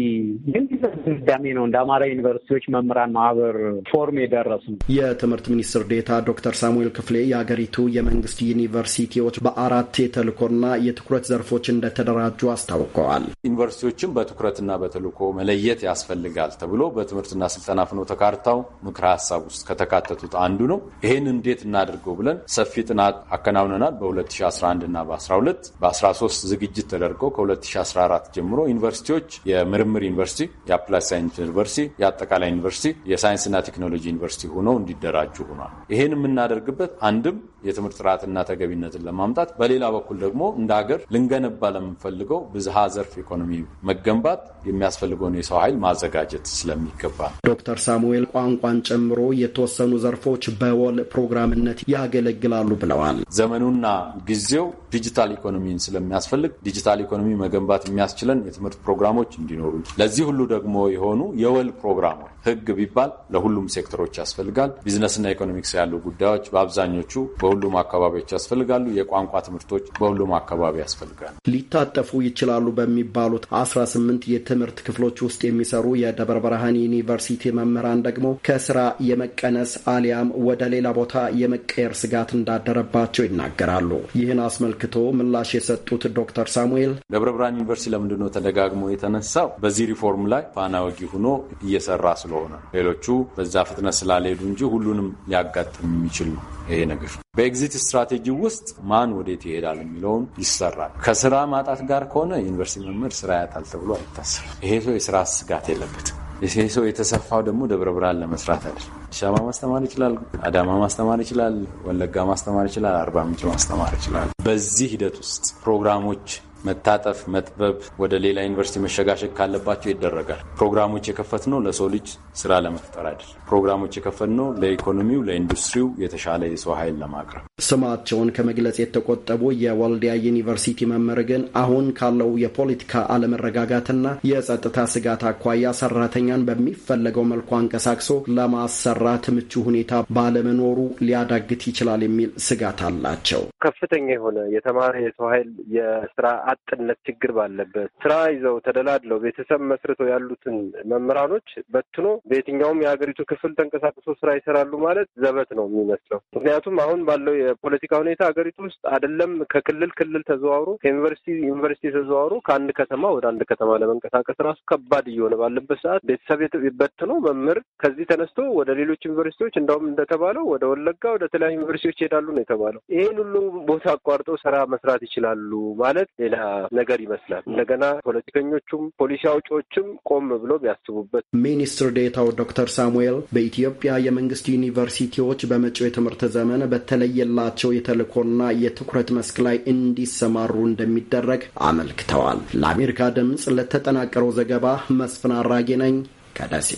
ድምዳሜ ነው እንደ አማራ ዩኒቨርሲቲዎች መምህራን ማህበር ፎርም የደረሱ የትምህርት ሚኒስትር ዴታ ዶክተር ሳሙኤል ክፍሌ የሀገሪቱ የመንግስት ዩኒቨርሲቲዎች በአራት የተልኮና የትኩረት ዘርፎች እንደተደራጁ አስታውቀዋል። ዩኒቨርሲቲዎችን በትኩረትና በተልኮ መለየት ያስፈልጋል ተብሎ በትምህርትና ስልጠና ፍኖተ ካርታው ምክረ ሀሳብ ውስጥ ከተካተቱት አንዱ ነው። ይህን እንዴት እናድርገው ብለን ሰፊ ጥናት አከናውነናል። በ2011 እና በ12 በ13 ዝግጅት ተደርገው ከ2014 ጀምሮ ጨምሮ ዩኒቨርሲቲዎች የምርምር ዩኒቨርሲቲ፣ የአፕላይ ሳይንስ ዩኒቨርሲቲ፣ የአጠቃላይ ዩኒቨርሲቲ፣ የሳይንስና ቴክኖሎጂ ዩኒቨርሲቲ ሆነው እንዲደራጁ ሆኗል። ይሄን የምናደርግበት አንድም የትምህርት ጥራትና ተገቢነትን ለማምጣት፣ በሌላ በኩል ደግሞ እንደ ሀገር ልንገነባ ለምንፈልገው ብዝሃ ዘርፍ ኢኮኖሚ መገንባት የሚያስፈልገውን የሰው ኃይል ማዘጋጀት ስለሚገባ ዶክተር ሳሙኤል ቋንቋን ጨምሮ የተወሰኑ ዘርፎች በወል ፕሮግራምነት ያገለግላሉ ብለዋል። ዘመኑና ጊዜው ዲጂታል ኢኮኖሚን ስለሚያስፈልግ ዲጂታል ኢኮኖሚ መገንባት የሚያስችለን የትምህርት ፕሮግራሞች እንዲኖሩ ለዚህ ሁሉ ደግሞ የሆኑ የወል ፕሮግራሞች ህግ ቢባል ለሁሉም ሴክተሮች ያስፈልጋል። ቢዝነስና ኢኮኖሚክስ ያሉ ጉዳዮች በአብዛኞቹ በሁሉም አካባቢዎች ያስፈልጋሉ። የቋንቋ ትምህርቶች በሁሉም አካባቢ ያስፈልጋል። ሊታጠፉ ይችላሉ በሚባሉት 18 የትምህርት ክፍሎች ውስጥ የሚሰሩ የደብረ ብርሃን ዩኒቨርሲቲ መምህራን ደግሞ ከስራ የመቀነስ አሊያም ወደ ሌላ ቦታ የመቀየር ስጋት እንዳደረባቸው ይናገራሉ። ይህን አስመልክቶ ምላሽ የሰጡት ዶክተር ሳሙኤል ደብረ ብርሃን ዩኒቨርሲቲ ለምንድነው ተደጋግሞ የተነሳው? በዚህ ሪፎርም ላይ ፋና ወጊ ሆኖ እየሰራ ስለ ከሆነ ሌሎቹ በዛ ፍጥነት ስላልሄዱ እንጂ ሁሉንም ሊያጋጥም የሚችል ይሄ ነገር በኤግዚት ስትራቴጂ ውስጥ ማን ወዴት ይሄዳል የሚለውን ይሰራል። ከስራ ማጣት ጋር ከሆነ ዩኒቨርሲቲ መምህር ስራ ያጣል ተብሎ አይታሰብም። ይሄ ሰው የስራ ስጋት የለበትም። ይሄ ሰው የተሰፋው ደግሞ ደብረ ብርሃን ለመስራት አይደል። ሻማ ማስተማር ይችላል፣ አዳማ ማስተማር ይችላል፣ ወለጋ ማስተማር ይችላል፣ አርባ ምንጭ ማስተማር ይችላል። በዚህ ሂደት ውስጥ ፕሮግራሞች መታጠፍ፣ መጥበብ፣ ወደ ሌላ ዩኒቨርሲቲ መሸጋሸግ ካለባቸው ይደረጋል። ፕሮግራሞች የከፈትነው ለሰው ልጅ ስራ ለመፍጠር አይደል። ፕሮግራሞች የከፈትነው ለኢኮኖሚው፣ ለኢንዱስትሪው የተሻለ የሰው ኃይል ለማቅረብ። ስማቸውን ከመግለጽ የተቆጠቡ የወልዲያ ዩኒቨርሲቲ መምህር ግን አሁን ካለው የፖለቲካ አለመረጋጋትና የጸጥታ ስጋት አኳያ ሰራተኛን በሚፈለገው መልኩ አንቀሳቅሶ ለማሰራት ምቹ ሁኔታ ባለመኖሩ ሊያዳግት ይችላል የሚል ስጋት አላቸው። ከፍተኛ የሆነ የተማረ የሰው ኃይል የስራ አጥነት ችግር ባለበት ስራ ይዘው ተደላድለው ቤተሰብ መስርተው ያሉትን መምህራኖች በትኖ በየትኛውም የሀገሪቱ ክፍል ተንቀሳቅሶ ስራ ይሰራሉ ማለት ዘበት ነው የሚመስለው። ምክንያቱም አሁን ባለው የፖለቲካ ሁኔታ ሀገሪቱ ውስጥ አይደለም ከክልል ክልል ተዘዋውሮ ከዩኒቨርሲቲ ዩኒቨርሲቲ ተዘዋውሮ ከአንድ ከተማ ወደ አንድ ከተማ ለመንቀሳቀስ ራሱ ከባድ እየሆነ ባለበት ሰዓት ቤተሰብ በትኖ መምህር ከዚህ ተነስቶ ወደ ሌሎች ዩኒቨርሲቲዎች እንደውም እንደተባለው ወደ ወለጋ ወደ ተለያዩ ዩኒቨርሲቲዎች ይሄዳሉ ነው የተባለው። ይህን ሁሉ ቦታ አቋርጠው ስራ መስራት ይችላሉ ማለት ሌላ ነገር ይመስላል። እንደገና ፖለቲከኞቹም ፖሊሲ አውጪዎችም ቆም ብሎ ቢያስቡበት። ሚኒስትር ዴታው ዶክተር ሳሙኤል በኢትዮጵያ የመንግስት ዩኒቨርሲቲዎች በመጪው የትምህርት ዘመን በተለየላቸው የተልእኮና የትኩረት መስክ ላይ እንዲሰማሩ እንደሚደረግ አመልክተዋል። ለአሜሪካ ድምፅ ለተጠናቀረው ዘገባ መስፍን አራጌ ነኝ ከደሴ።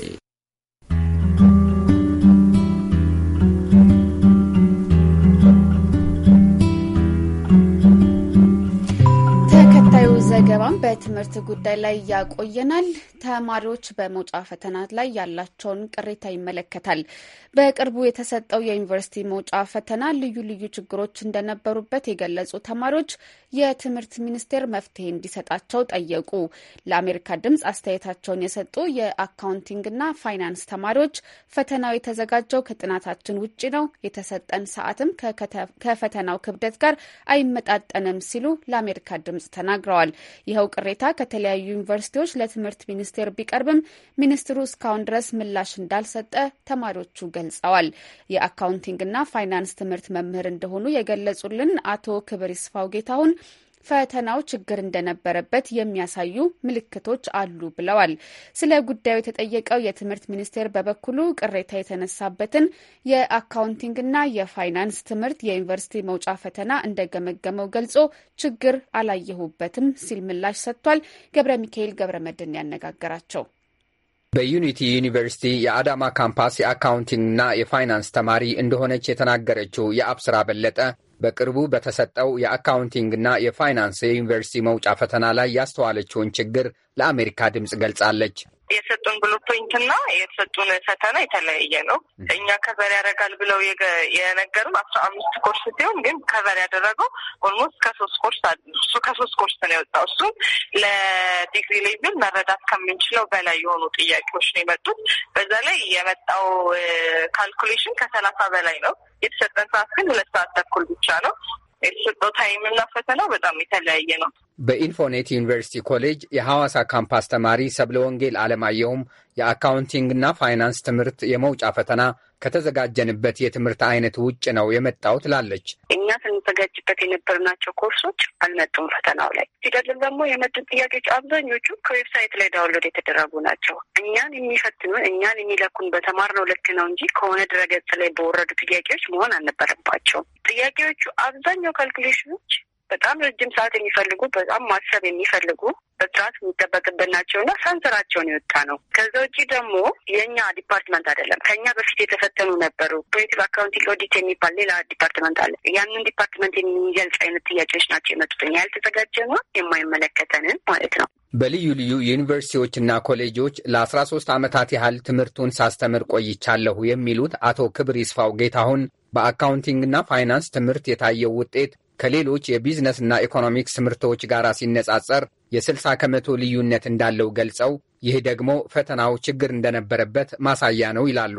ዘገባም በትምህርት ጉዳይ ላይ ያቆየናል። ተማሪዎች በመውጫ ፈተና ላይ ያላቸውን ቅሬታ ይመለከታል። በቅርቡ የተሰጠው የዩኒቨርሲቲ መውጫ ፈተና ልዩ ልዩ ችግሮች እንደነበሩበት የገለጹ ተማሪዎች የትምህርት ሚኒስቴር መፍትሄ እንዲሰጣቸው ጠየቁ። ለአሜሪካ ድምፅ አስተያየታቸውን የሰጡ የአካውንቲንግና ፋይናንስ ተማሪዎች ፈተናው የተዘጋጀው ከጥናታችን ውጭ ነው፣ የተሰጠን ሰዓትም ከፈተናው ክብደት ጋር አይመጣጠንም ሲሉ ለአሜሪካ ድምጽ ተናግረዋል። ይኸው ቅሬታ ከተለያዩ ዩኒቨርሲቲዎች ለትምህርት ሚኒስቴር ቢቀርብም ሚኒስትሩ እስካሁን ድረስ ምላሽ እንዳልሰጠ ተማሪዎቹ ገልጸዋል። የአካውንቲንግና ፋይናንስ ትምህርት መምህር እንደሆኑ የገለጹልን አቶ ክብር ይስፋው ጌታሁን ፈተናው ችግር እንደነበረበት የሚያሳዩ ምልክቶች አሉ ብለዋል። ስለ ጉዳዩ የተጠየቀው የትምህርት ሚኒስቴር በበኩሉ ቅሬታ የተነሳበትን የአካውንቲንግና የፋይናንስ ትምህርት የዩኒቨርሲቲ መውጫ ፈተና እንደገመገመው ገልጾ ችግር አላየሁበትም ሲል ምላሽ ሰጥቷል። ገብረ ሚካኤል ገብረ መድን ያነጋገራቸው በዩኒቲ ዩኒቨርሲቲ የአዳማ ካምፓስ የአካውንቲንግና የፋይናንስ ተማሪ እንደሆነች የተናገረችው የአብስራ በለጠ በቅርቡ በተሰጠው የአካውንቲንግና የፋይናንስ የዩኒቨርሲቲ መውጫ ፈተና ላይ ያስተዋለችውን ችግር ለአሜሪካ ድምፅ ገልጻለች። የሰጡን ብሉፕሪንት እና የተሰጡን ፈተና የተለያየ ነው። እኛ ከቨር ያደርጋል ብለው የነገሩን አስራ አምስት ኮርስ ሲሆን ግን ከቨር ያደረገው ኦልሞስት ከሶስት ኮርስ እሱ ከሶስት ኮርስ ነው የወጣው። እሱም ለዲግሪ ሌቭል መረዳት ከምንችለው በላይ የሆኑ ጥያቄዎች ነው የመጡት። በዛ ላይ የመጣው ካልኩሌሽን ከሰላሳ በላይ ነው። የተሰጠን ሰዓት ግን ሁለት ሰዓት ተኩል ብቻ ነው። የተሰጠው ታይም እና ፈተናው በጣም የተለያየ ነው። በኢንፎኔት ዩኒቨርሲቲ ኮሌጅ የሐዋሳ ካምፓስ ተማሪ ሰብለ ወንጌል አለማየሁም የአካውንቲንግ ፋይናንስ ትምህርት የመውጫ ፈተና ከተዘጋጀንበት የትምህርት አይነት ውጭ ነው የመጣው ትላለች። እኛ ስንዘጋጅበት የነበርናቸው ኮርሶች አልመጡም ፈተናው ላይ። ሲደልም ደግሞ የመጡን ጥያቄዎች አብዛኞቹ ከዌብሳይት ላይ ዳውንሎድ የተደረጉ ናቸው። እኛን የሚፈትኑን እኛን የሚለኩን በተማርነው ልክ ነው እንጂ ከሆነ ድረገጽ ላይ በወረዱ ጥያቄዎች መሆን አልነበረባቸውም። ጥያቄዎቹ አብዛኛው ካልኩሌሽኖች በጣም ረጅም ሰዓት የሚፈልጉ በጣም ማሰብ የሚፈልጉ በጥራት ናቸው እና ሳንሰራቸውን የወጣ ነው። ከዛ ውጭ ደግሞ የእኛ ዲፓርትመንት አይደለም። ከኛ በፊት የተፈተኑ ነበሩ። ፖለቲካል አካውንቲንግ ኦዲት የሚባል ሌላ ዲፓርትመንት አለ። ያንን ዲፓርትመንት የሚገልጽ አይነት ጥያቄዎች ናቸው የመጡትን። ያልተዘጋጀ ነው የማይመለከተንን ማለት ነው። በልዩ ልዩ ዩኒቨርሲቲዎችና ኮሌጆች ለአስራ ሶስት ዓመታት ያህል ትምህርቱን ሳስተምር ቆይቻለሁ የሚሉት አቶ ክብር ይስፋው ጌታሁን በአካውንቲንግና ፋይናንስ ትምህርት የታየው ውጤት ከሌሎች የቢዝነስና ኢኮኖሚክስ ምርቶች ጋር ሲነጻጸር የ60 ከመቶ ልዩነት እንዳለው ገልጸው ይህ ደግሞ ፈተናው ችግር እንደነበረበት ማሳያ ነው ይላሉ።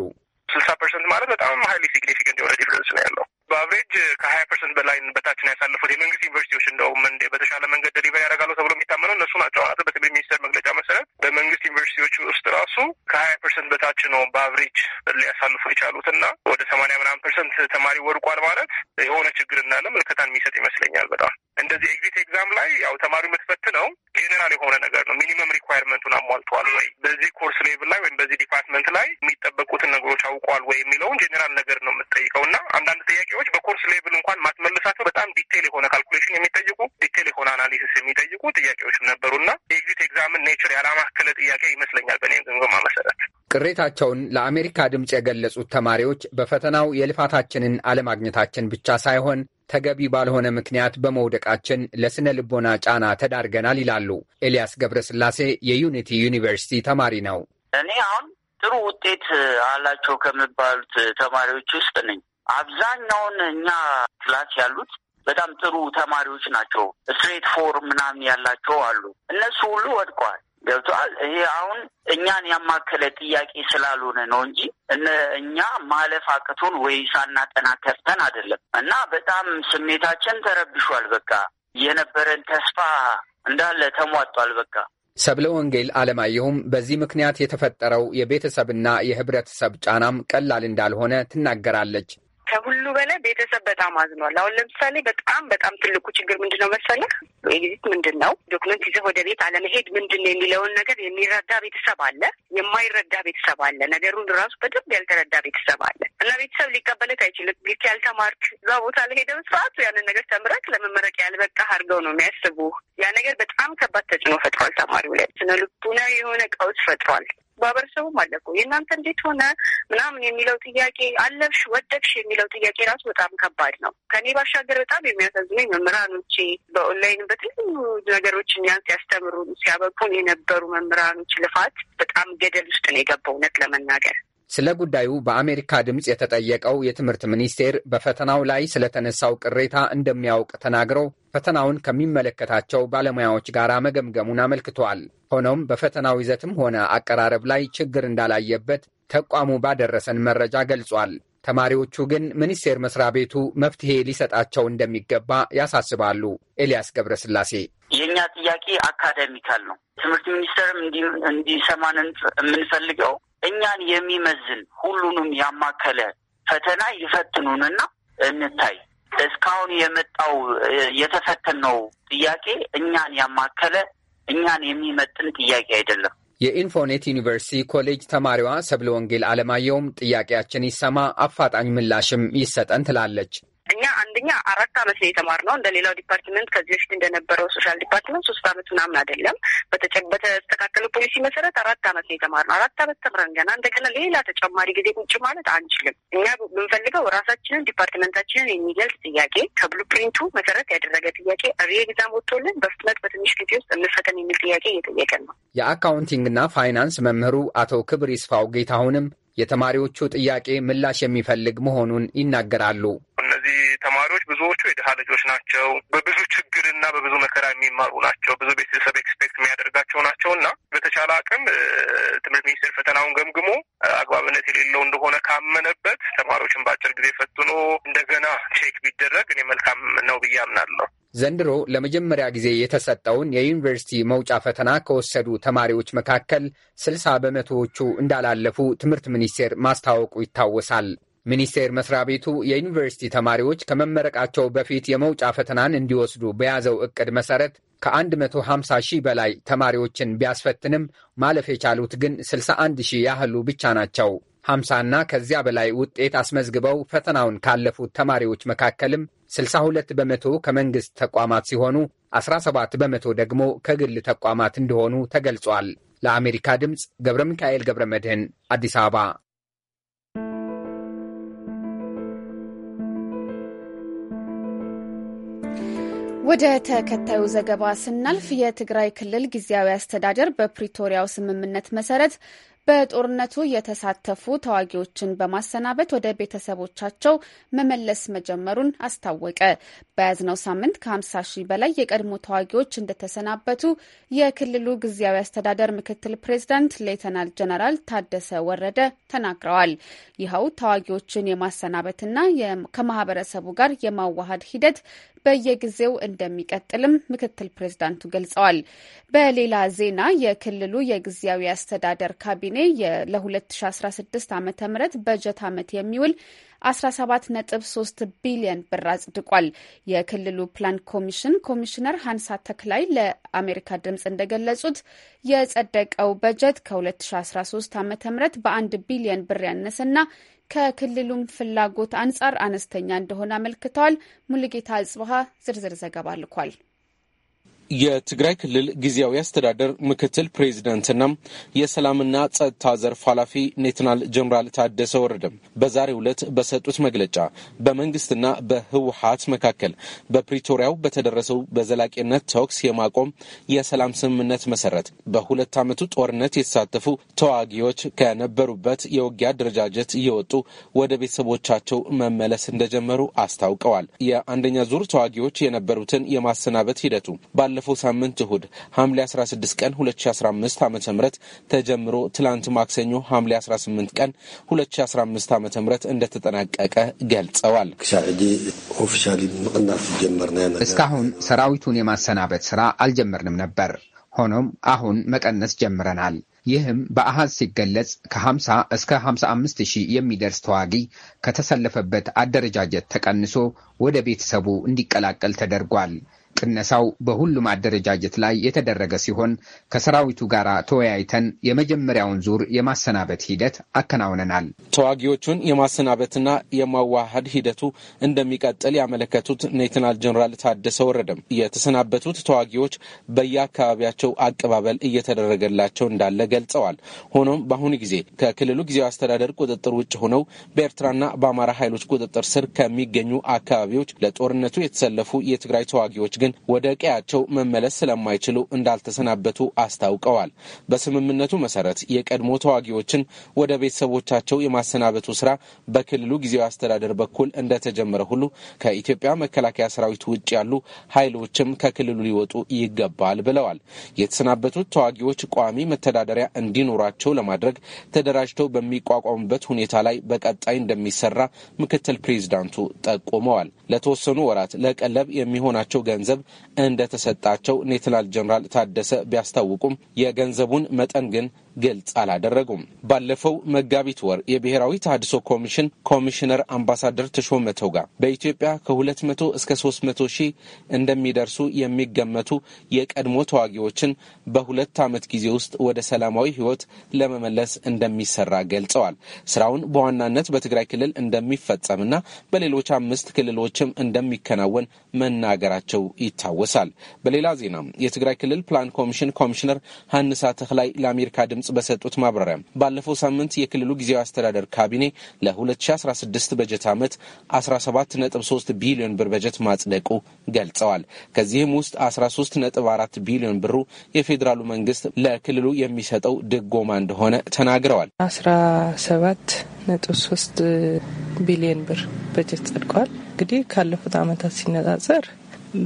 ስልሳ ፐርሰንት ማለት በጣም ሀይሊ ሲግኒፊካንት የሆነ ዲፍረንስ ነው ያለው። በአቨሬጅ ከሀያ ፐርሰንት በላይ በታች ነው ያሳለፉት። የመንግስት ዩኒቨርሲቲዎች እንደውም እንደ በተሻለ መንገድ ደሊቨር ያደርጋሉ ተብሎ የሚታመነው እነሱ ናቸው። በትምህርት ሚኒስቴር መግለጫ መሰረት በመንግስት ዩኒቨርሲቲዎች ውስጥ ራሱ ከሀያ ፐርሰንት በታች ነው በአቨሬጅ ሊያሳልፉ የቻሉት እና ወደ ሰማንያ ምናምን ፐርሰንት ተማሪ ወድቋል ማለት የሆነ ችግር እንዳለ ምልከታን የሚሰጥ ይመስለኛል በጣም እንደዚህ ኤግዚት ኤግዛም ላይ ያው ተማሪው የምትፈትነው ጄኔራል የሆነ ነገር ነው። ሚኒመም ሪኳየርመንቱን አሟልተዋል ወይ፣ በዚህ ኮርስ ሌቭል ላይ ወይም በዚህ ዲፓርትመንት ላይ የሚጠበቁትን ነገሮች አውቀዋል ወይ የሚለውን ጄኔራል ነገር ነው የምትጠይቀው እና አንዳንድ ጥያቄዎች በኮርስ ሌቭል እንኳን ማትመልሳቸው በጣም ዲቴል የሆነ ካልኩሌሽን የሚጠይቁ ዲቴል የሆነ አናሊሲስ የሚጠይቁ ጥያቄዎችም ነበሩ እና የኤግዚት ኤግዛምን ኔቸር ያላማከለ ጥያቄ ይመስለኛል በእኔ ግምገማ መሰረት። ቅሬታቸውን ለአሜሪካ ድምፅ የገለጹት ተማሪዎች በፈተናው የልፋታችንን አለማግኘታችን ብቻ ሳይሆን ተገቢ ባልሆነ ምክንያት በመውደቃችን ለስነ ልቦና ጫና ተዳርገናል ይላሉ። ኤልያስ ገብረስላሴ የዩኒቲ ዩኒቨርሲቲ ተማሪ ነው። እኔ አሁን ጥሩ ውጤት አላቸው ከሚባሉት ተማሪዎች ውስጥ ነኝ። አብዛኛውን እኛ ክላስ ያሉት በጣም ጥሩ ተማሪዎች ናቸው። ስትሬት ፎር ምናምን ያላቸው አሉ። እነሱ ሁሉ ወድቀዋል። ገብቷል ይሄ አሁን እኛን ያማከለ ጥያቄ ስላልሆነ ነው እንጂ እኛ ማለፍ አቅቶን ወይ ሳናጠና ከፍተን አይደለም። እና በጣም ስሜታችን ተረብሿል። በቃ የነበረን ተስፋ እንዳለ ተሟጧል። በቃ ሰብለ ወንጌል አለማየሁም በዚህ ምክንያት የተፈጠረው የቤተሰብና የህብረተሰብ ጫናም ቀላል እንዳልሆነ ትናገራለች። ከሁሉ በላይ ቤተሰብ በጣም አዝኗል። አሁን ለምሳሌ በጣም በጣም ትልቁ ችግር ምንድን ነው መሰለህ? ኤግዚት ምንድን ነው ዶክመንት ይዘህ ወደ ቤት አለመሄድ ምንድን ነው የሚለውን ነገር የሚረዳ ቤተሰብ አለ፣ የማይረዳ ቤተሰብ አለ፣ ነገሩን ራሱ በደንብ ያልተረዳ ቤተሰብ አለ። እና ቤተሰብ ሊቀበለት አይችልም። ልክ ያልተማርክ እዛ ቦታ ለሄደም ሄደህ ያንን ነገር ተምረክ ለመመረቅ ያልበቃ አድርገው ነው የሚያስቡ። ያ ነገር በጣም ከባድ ተጽዕኖ ፈጥሯል። ተማሪው ላይ ስነ ልቡና የሆነ ቀውስ ፈጥሯል። ማህበረሰቡም አለ እኮ የእናንተ እንዴት ሆነ ምናምን የሚለው ጥያቄ አለብሽ ወደቅሽ የሚለው ጥያቄ ራሱ በጣም ከባድ ነው። ከኔ ባሻገር በጣም የሚያሳዝነኝ መምህራኖቼ በኦንላይን በተለያዩ ነገሮች እኛን ሲያስተምሩ ሲያበቁን የነበሩ መምህራኖች ልፋት በጣም ገደል ውስጥ ነው የገባው እውነት ለመናገር ስለ ጉዳዩ በአሜሪካ ድምፅ የተጠየቀው የትምህርት ሚኒስቴር በፈተናው ላይ ስለተነሳው ቅሬታ እንደሚያውቅ ተናግረው ፈተናውን ከሚመለከታቸው ባለሙያዎች ጋር መገምገሙን አመልክቷል። ሆኖም በፈተናው ይዘትም ሆነ አቀራረብ ላይ ችግር እንዳላየበት ተቋሙ ባደረሰን መረጃ ገልጿል። ተማሪዎቹ ግን ሚኒስቴር መስሪያ ቤቱ መፍትሄ ሊሰጣቸው እንደሚገባ ያሳስባሉ። ኤልያስ ገብረስላሴ የእኛ ጥያቄ አካደሚካል ነው። ትምህርት ሚኒስቴርም እንዲሰማን የምንፈልገው እኛን የሚመዝን ሁሉንም ያማከለ ፈተና ይፈትኑንና እንታይ እስካሁን የመጣው የተፈተነው ጥያቄ እኛን ያማከለ እኛን የሚመጥን ጥያቄ አይደለም። የኢንፎኔት ዩኒቨርሲቲ ኮሌጅ ተማሪዋ ሰብለ ወንጌል አለማየውም ጥያቄያችን ይሰማ፣ አፋጣኝ ምላሽም ይሰጠን ትላለች። እኛ አንደኛ አራት አመት ነው የተማርነው። እንደ ሌላው ዲፓርትመንት ከዚህ በፊት እንደነበረው ሶሻል ዲፓርትመንት ሶስት አመት ምናምን አይደለም። በተስተካከለ ፖሊሲ መሰረት አራት አመት ነው የተማርነው። አራት አመት ተምረን ገና እንደገና ሌላ ተጨማሪ ጊዜ ቁጭ ማለት አንችልም። እኛ የምንፈልገው ራሳችንን ዲፓርትመንታችንን የሚገልጽ ጥያቄ ከብሉፕሪንቱ መሰረት ያደረገ ጥያቄ ሪ ኤግዛም ወጥቶልን በፍጥነት በትንሽ ጊዜ ውስጥ እንፈተን የሚል ጥያቄ እየጠየቀን ነው። የአካውንቲንግና ፋይናንስ መምህሩ አቶ ክብር ይስፋው ጌታሁንም የተማሪዎቹ ጥያቄ ምላሽ የሚፈልግ መሆኑን ይናገራሉ። እነዚህ ተማሪዎች ብዙዎቹ የድሃ ልጆች ናቸው። በብዙ ችግርና በብዙ መከራ የሚማሩ ናቸው። ብዙ ቤተሰብ ኤክስፔክት የሚያደርጋቸው ናቸው እና በተቻለ አቅም ትምህርት ሚኒስቴር ፈተናውን ገምግሞ አግባብነት የሌለው እንደሆነ ካመነበት ተማሪዎችን በአጭር ጊዜ ፈትኖ እንደገና ቼክ ቢደረግ እኔ መልካም ነው ብዬ አምናለሁ። ዘንድሮ ለመጀመሪያ ጊዜ የተሰጠውን የዩኒቨርሲቲ መውጫ ፈተና ከወሰዱ ተማሪዎች መካከል 60 በመቶዎቹ እንዳላለፉ ትምህርት ሚኒስቴር ማስታወቁ ይታወሳል። ሚኒስቴር መስሪያ ቤቱ የዩኒቨርሲቲ ተማሪዎች ከመመረቃቸው በፊት የመውጫ ፈተናን እንዲወስዱ በያዘው እቅድ መሰረት ከ150 ሺህ በላይ ተማሪዎችን ቢያስፈትንም ማለፍ የቻሉት ግን 61 ሺህ ያህሉ ብቻ ናቸው። 50ና ከዚያ በላይ ውጤት አስመዝግበው ፈተናውን ካለፉት ተማሪዎች መካከልም 62 በመቶ ከመንግሥት ተቋማት ሲሆኑ 17 በመቶ ደግሞ ከግል ተቋማት እንደሆኑ ተገልጿል። ለአሜሪካ ድምፅ ገብረ ሚካኤል ገብረ መድህን አዲስ አበባ። ወደ ተከታዩ ዘገባ ስናልፍ የትግራይ ክልል ጊዜያዊ አስተዳደር በፕሪቶሪያው ስምምነት መሰረት በጦርነቱ የተሳተፉ ተዋጊዎችን በማሰናበት ወደ ቤተሰቦቻቸው መመለስ መጀመሩን አስታወቀ። በያዝነው ሳምንት ከ50 ሺህ በላይ የቀድሞ ተዋጊዎች እንደተሰናበቱ የክልሉ ጊዜያዊ አስተዳደር ምክትል ፕሬዚዳንት ሌተናል ጀነራል ታደሰ ወረደ ተናግረዋል። ይኸው ተዋጊዎችን የማሰናበትና ከማህበረሰቡ ጋር የማዋሃድ ሂደት በየጊዜው እንደሚቀጥልም ምክትል ፕሬዝዳንቱ ገልጸዋል። በሌላ ዜና የክልሉ የጊዜያዊ አስተዳደር ካቢኔ ለ2016 ዓ ም በጀት ዓመት የሚውል 17.3 ቢሊዮን ብር አጽድቋል። የክልሉ ፕላን ኮሚሽን ኮሚሽነር ሀንሳ ተክላይ ለአሜሪካ ድምፅ እንደገለጹት የጸደቀው በጀት ከ2013 ዓ ም በ1 ቢሊዮን ብር ያነሰና ከክልሉም ፍላጎት አንጻር አነስተኛ እንደሆነ አመልክተዋል። ሙልጌታ አጽብሃ ዝርዝር ዘገባ ልኳል። የትግራይ ክልል ጊዜያዊ አስተዳደር ምክትል ፕሬዚዳንትና የሰላምና ጸጥታ ዘርፍ ኃላፊ ኔትናል ጀኔራል ታደሰ ወረደም በዛሬው ዕለት በሰጡት መግለጫ በመንግስትና በህወሀት መካከል በፕሪቶሪያው በተደረሰው በዘላቂነት ተኩስ የማቆም የሰላም ስምምነት መሰረት በሁለት ዓመቱ ጦርነት የተሳተፉ ተዋጊዎች ከነበሩበት የውጊያ አደረጃጀት እየወጡ ወደ ቤተሰቦቻቸው መመለስ እንደጀመሩ አስታውቀዋል። የአንደኛ ዙር ተዋጊዎች የነበሩትን የማሰናበት ሂደቱ ባለ ባለፈው ሳምንት እሁድ ሐምሌ 16 ቀን 2015 ዓ ም ተጀምሮ ትላንት ማክሰኞ ሐምሌ 18 ቀን 2015 ዓ ም እንደተጠናቀቀ ገልጸዋል። እስካሁን ሰራዊቱን የማሰናበት ስራ አልጀመርንም ነበር። ሆኖም አሁን መቀነስ ጀምረናል። ይህም በአሃዝ ሲገለጽ ከ50 እስከ 55 ሺህ የሚደርስ ተዋጊ ከተሰለፈበት አደረጃጀት ተቀንሶ ወደ ቤተሰቡ እንዲቀላቀል ተደርጓል። ቅነሳው በሁሉም አደረጃጀት ላይ የተደረገ ሲሆን ከሰራዊቱ ጋር ተወያይተን የመጀመሪያውን ዙር የማሰናበት ሂደት አከናውነናል። ተዋጊዎቹን የማሰናበትና የማዋሃድ ሂደቱ እንደሚቀጥል ያመለከቱት ሌተናል ጀኔራል ታደሰ ወረደም የተሰናበቱት ተዋጊዎች በየአካባቢያቸው አቀባበል እየተደረገላቸው እንዳለ ገልጸዋል። ሆኖም በአሁኑ ጊዜ ከክልሉ ጊዜያዊ አስተዳደር ቁጥጥር ውጭ ሆነው በኤርትራና በአማራ ኃይሎች ቁጥጥር ስር ከሚገኙ አካባቢዎች ለጦርነቱ የተሰለፉ የትግራይ ተዋጊዎች ግን ወደ ቀያቸው መመለስ ስለማይችሉ እንዳልተሰናበቱ አስታውቀዋል። በስምምነቱ መሰረት የቀድሞ ተዋጊዎችን ወደ ቤተሰቦቻቸው የማሰናበቱ ስራ በክልሉ ጊዜያዊ አስተዳደር በኩል እንደተጀመረ ሁሉ ከኢትዮጵያ መከላከያ ሰራዊት ውጭ ያሉ ኃይሎችም ከክልሉ ሊወጡ ይገባል ብለዋል። የተሰናበቱት ተዋጊዎች ቋሚ መተዳደሪያ እንዲኖራቸው ለማድረግ ተደራጅተው በሚቋቋሙበት ሁኔታ ላይ በቀጣይ እንደሚሰራ ምክትል ፕሬዚዳንቱ ጠቁመዋል። ለተወሰኑ ወራት ለቀለብ የሚሆናቸው ገንዘብ ገንዘብ እንደተሰጣቸው ሌተናል ጀኔራል ታደሰ ቢያስታውቁም የገንዘቡን መጠን ግን ግልጽ አላደረጉም። ባለፈው መጋቢት ወር የብሔራዊ ተሃድሶ ኮሚሽን ኮሚሽነር አምባሳደር ተሾመ ቶጋ በኢትዮጵያ ከ200 እስከ 300 ሺህ እንደሚደርሱ የሚገመቱ የቀድሞ ተዋጊዎችን በሁለት ዓመት ጊዜ ውስጥ ወደ ሰላማዊ ህይወት ለመመለስ እንደሚሰራ ገልጸዋል። ስራውን በዋናነት በትግራይ ክልል እንደሚፈጸምና በሌሎች አምስት ክልሎችም እንደሚከናወን መናገራቸው ይታወሳል። በሌላ ዜና የትግራይ ክልል ፕላን ኮሚሽን ኮሚሽነር ሀንሳ ተክላይ ለአሜሪካ ድምጽ ድምፅ በሰጡት ማብራሪያ ባለፈው ሳምንት የክልሉ ጊዜያዊ አስተዳደር ካቢኔ ለ2016 በጀት ዓመት 17.3 ቢሊዮን ብር በጀት ማጽደቁ ገልጸዋል። ከዚህም ውስጥ 13.4 ቢሊዮን ብሩ የፌዴራሉ መንግስት ለክልሉ የሚሰጠው ድጎማ እንደሆነ ተናግረዋል። 17.3 3 ቢሊዮን ብር በጀት ጸድቋል። እንግዲህ ካለፉት ዓመታት ሲነጻጸር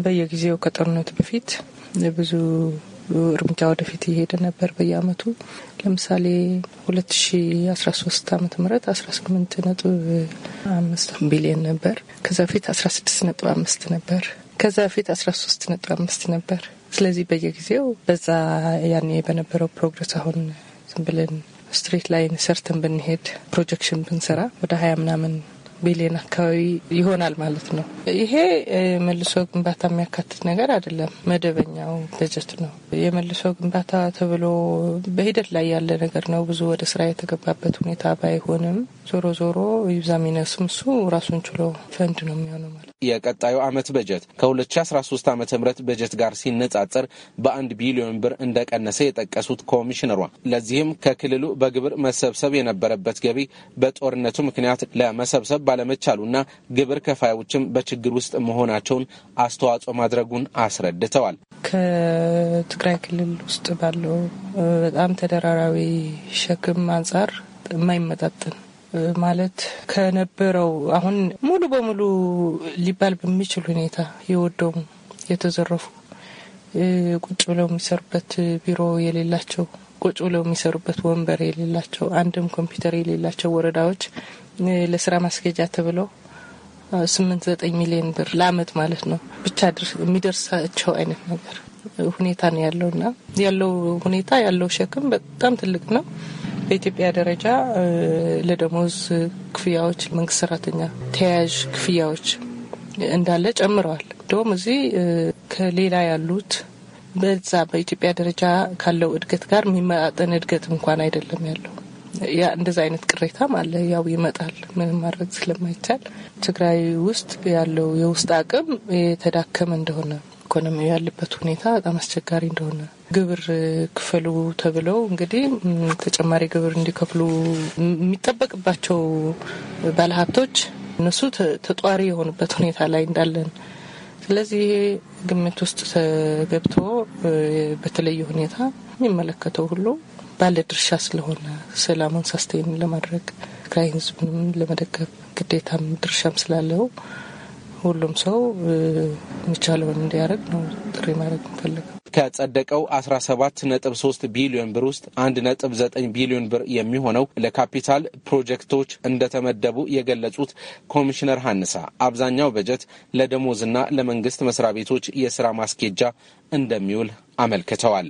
በየጊዜው ከጦርነቱ በፊት ብዙ እርምጃ ወደፊት እየሄደ ነበር። በየአመቱ ለምሳሌ ሁለት ሺ አስራ ሶስት አመተ ምህረት አስራ ስምንት ነጥብ አምስት ቢሊዮን ነበር። ከዛ በፊት አስራ ስድስት ነጥብ አምስት ነበር። ከዛ በፊት አስራ ሶስት ነጥብ አምስት ነበር። ስለዚህ በየጊዜው በዛ ያኔ በነበረው ፕሮግረስ አሁን ዝም ብለን ስትሬት ላይን ሰርተን ብንሄድ ፕሮጀክሽን ብንሰራ ወደ ሀያ ምናምን ቢሊዮን አካባቢ ይሆናል ማለት ነው። ይሄ መልሶ ግንባታ የሚያካትት ነገር አይደለም። መደበኛው በጀት ነው። የመልሶ ግንባታ ተብሎ በሂደት ላይ ያለ ነገር ነው። ብዙ ወደ ስራ የተገባበት ሁኔታ ባይሆንም ዞሮ ዞሮ ይብዛም ይነስም እሱ ራሱን ችሎ ፈንድ ነው የሚሆነው ማለት ነው። የቀጣዩ ዓመት በጀት ከ2013 ዓ ም በጀት ጋር ሲነጻጸር በአንድ ቢሊዮን ብር እንደቀነሰ የጠቀሱት ኮሚሽነሯ ለዚህም ከክልሉ በግብር መሰብሰብ የነበረበት ገቢ በጦርነቱ ምክንያት ለመሰብሰብ ባለመቻሉና ግብር ከፋዮችም በችግር ውስጥ መሆናቸውን አስተዋጽኦ ማድረጉን አስረድተዋል። ከትግራይ ክልል ውስጥ ባለው በጣም ተደራራዊ ሸክም አንጻር የማይመጣጥን ማለት ከነበረው አሁን ሙሉ በሙሉ ሊባል በሚችል ሁኔታ የወደሙ የተዘረፉ ቁጭ ብለው የሚሰሩበት ቢሮ የሌላቸው ቁጭ ብለው የሚሰሩበት ወንበር የሌላቸው አንድም ኮምፒውተር የሌላቸው ወረዳዎች ለስራ ማስኬጃ ተብለው ስምንት ዘጠኝ ሚሊዮን ብር ለአመት ማለት ነው ብቻ የሚደርሳቸው አይነት ነገር ሁኔታ ነው ያለውና ያለው ሁኔታ ያለው ሸክም በጣም ትልቅ ነው። በኢትዮጵያ ደረጃ ለደሞዝ ክፍያዎች መንግስት ሰራተኛ ተያያዥ ክፍያዎች እንዳለ ጨምረዋል። እንደውም እዚህ ከሌላ ያሉት በዛ በኢትዮጵያ ደረጃ ካለው እድገት ጋር የሚመጣጠን እድገት እንኳን አይደለም ያለው። ያ እንደዛ አይነት ቅሬታም አለ። ያው ይመጣል፣ ምንም ማድረግ ስለማይቻል ትግራይ ውስጥ ያለው የውስጥ አቅም የተዳከመ እንደሆነ ኢኮኖሚው ያለበት ሁኔታ በጣም አስቸጋሪ እንደሆነ ግብር ክፈሉ ተብለው እንግዲህ ተጨማሪ ግብር እንዲከፍሉ የሚጠበቅባቸው ባለሀብቶች እነሱ ተጧሪ የሆኑበት ሁኔታ ላይ እንዳለን ስለዚህ ይሄ ግምት ውስጥ ተገብቶ በተለየ ሁኔታ የሚመለከተው ሁሉ ባለ ድርሻ ስለሆነ ሰላሙን ሳስቴን ለማድረግ ትግራይ ሕዝብንም ለመደገፍ ግዴታም ድርሻም ስላለው ሁሉም ሰው የሚቻለውን እንዲያደርግ ነው ጥሪ ማድረግ እንፈልገው። ከጸደቀው 17.3 ቢሊዮን ብር ውስጥ 1.9 ቢሊዮን ብር የሚሆነው ለካፒታል ፕሮጀክቶች እንደተመደቡ የገለጹት ኮሚሽነር ሀንሳ አብዛኛው በጀት ለደሞዝና ለመንግስት መስሪያ ቤቶች የስራ ማስኬጃ እንደሚውል አመልክተዋል።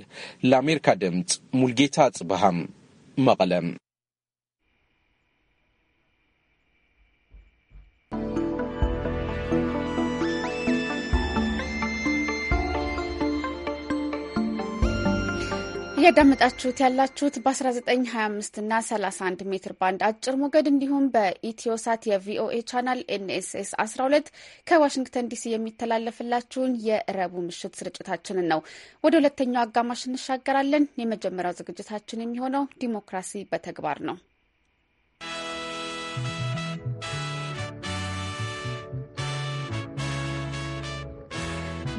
ለአሜሪካ ድምፅ ሙልጌታ ጽብሃም መቀለም እያዳመጣችሁት ያላችሁት በ1925 እና 31 ሜትር ባንድ አጭር ሞገድ እንዲሁም በኢትዮሳት የቪኦኤ ቻናል ኤንኤስኤስ 12 ከዋሽንግተን ዲሲ የሚተላለፍላችሁን የረቡ ምሽት ስርጭታችንን ነው። ወደ ሁለተኛው አጋማሽ እንሻገራለን። የመጀመሪያው ዝግጅታችን የሚሆነው ዲሞክራሲ በተግባር ነው።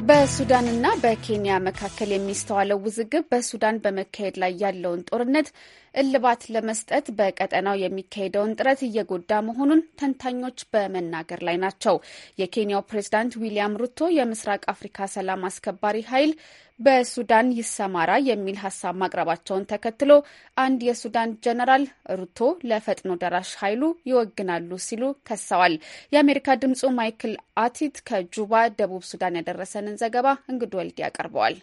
በሱዳንና በኬንያ መካከል የሚስተዋለው ውዝግብ በሱዳን በመካሄድ ላይ ያለውን ጦርነት እልባት ለመስጠት በቀጠናው የሚካሄደውን ጥረት እየጎዳ መሆኑን ተንታኞች በመናገር ላይ ናቸው። የኬንያው ፕሬዝዳንት ዊሊያም ሩቶ የምስራቅ አፍሪካ ሰላም አስከባሪ ኃይል በሱዳን ይሰማራ የሚል ሀሳብ ማቅረባቸውን ተከትሎ አንድ የሱዳን ጀነራል ሩቶ ለፈጥኖ ደራሽ ኃይሉ ይወግናሉ ሲሉ ከሰዋል። የአሜሪካ ድምጹ ማይክል አቲት ከጁባ ደቡብ ሱዳን ያደረሰንን ዘገባ እንግድ ወልድ ያቀርበዋል።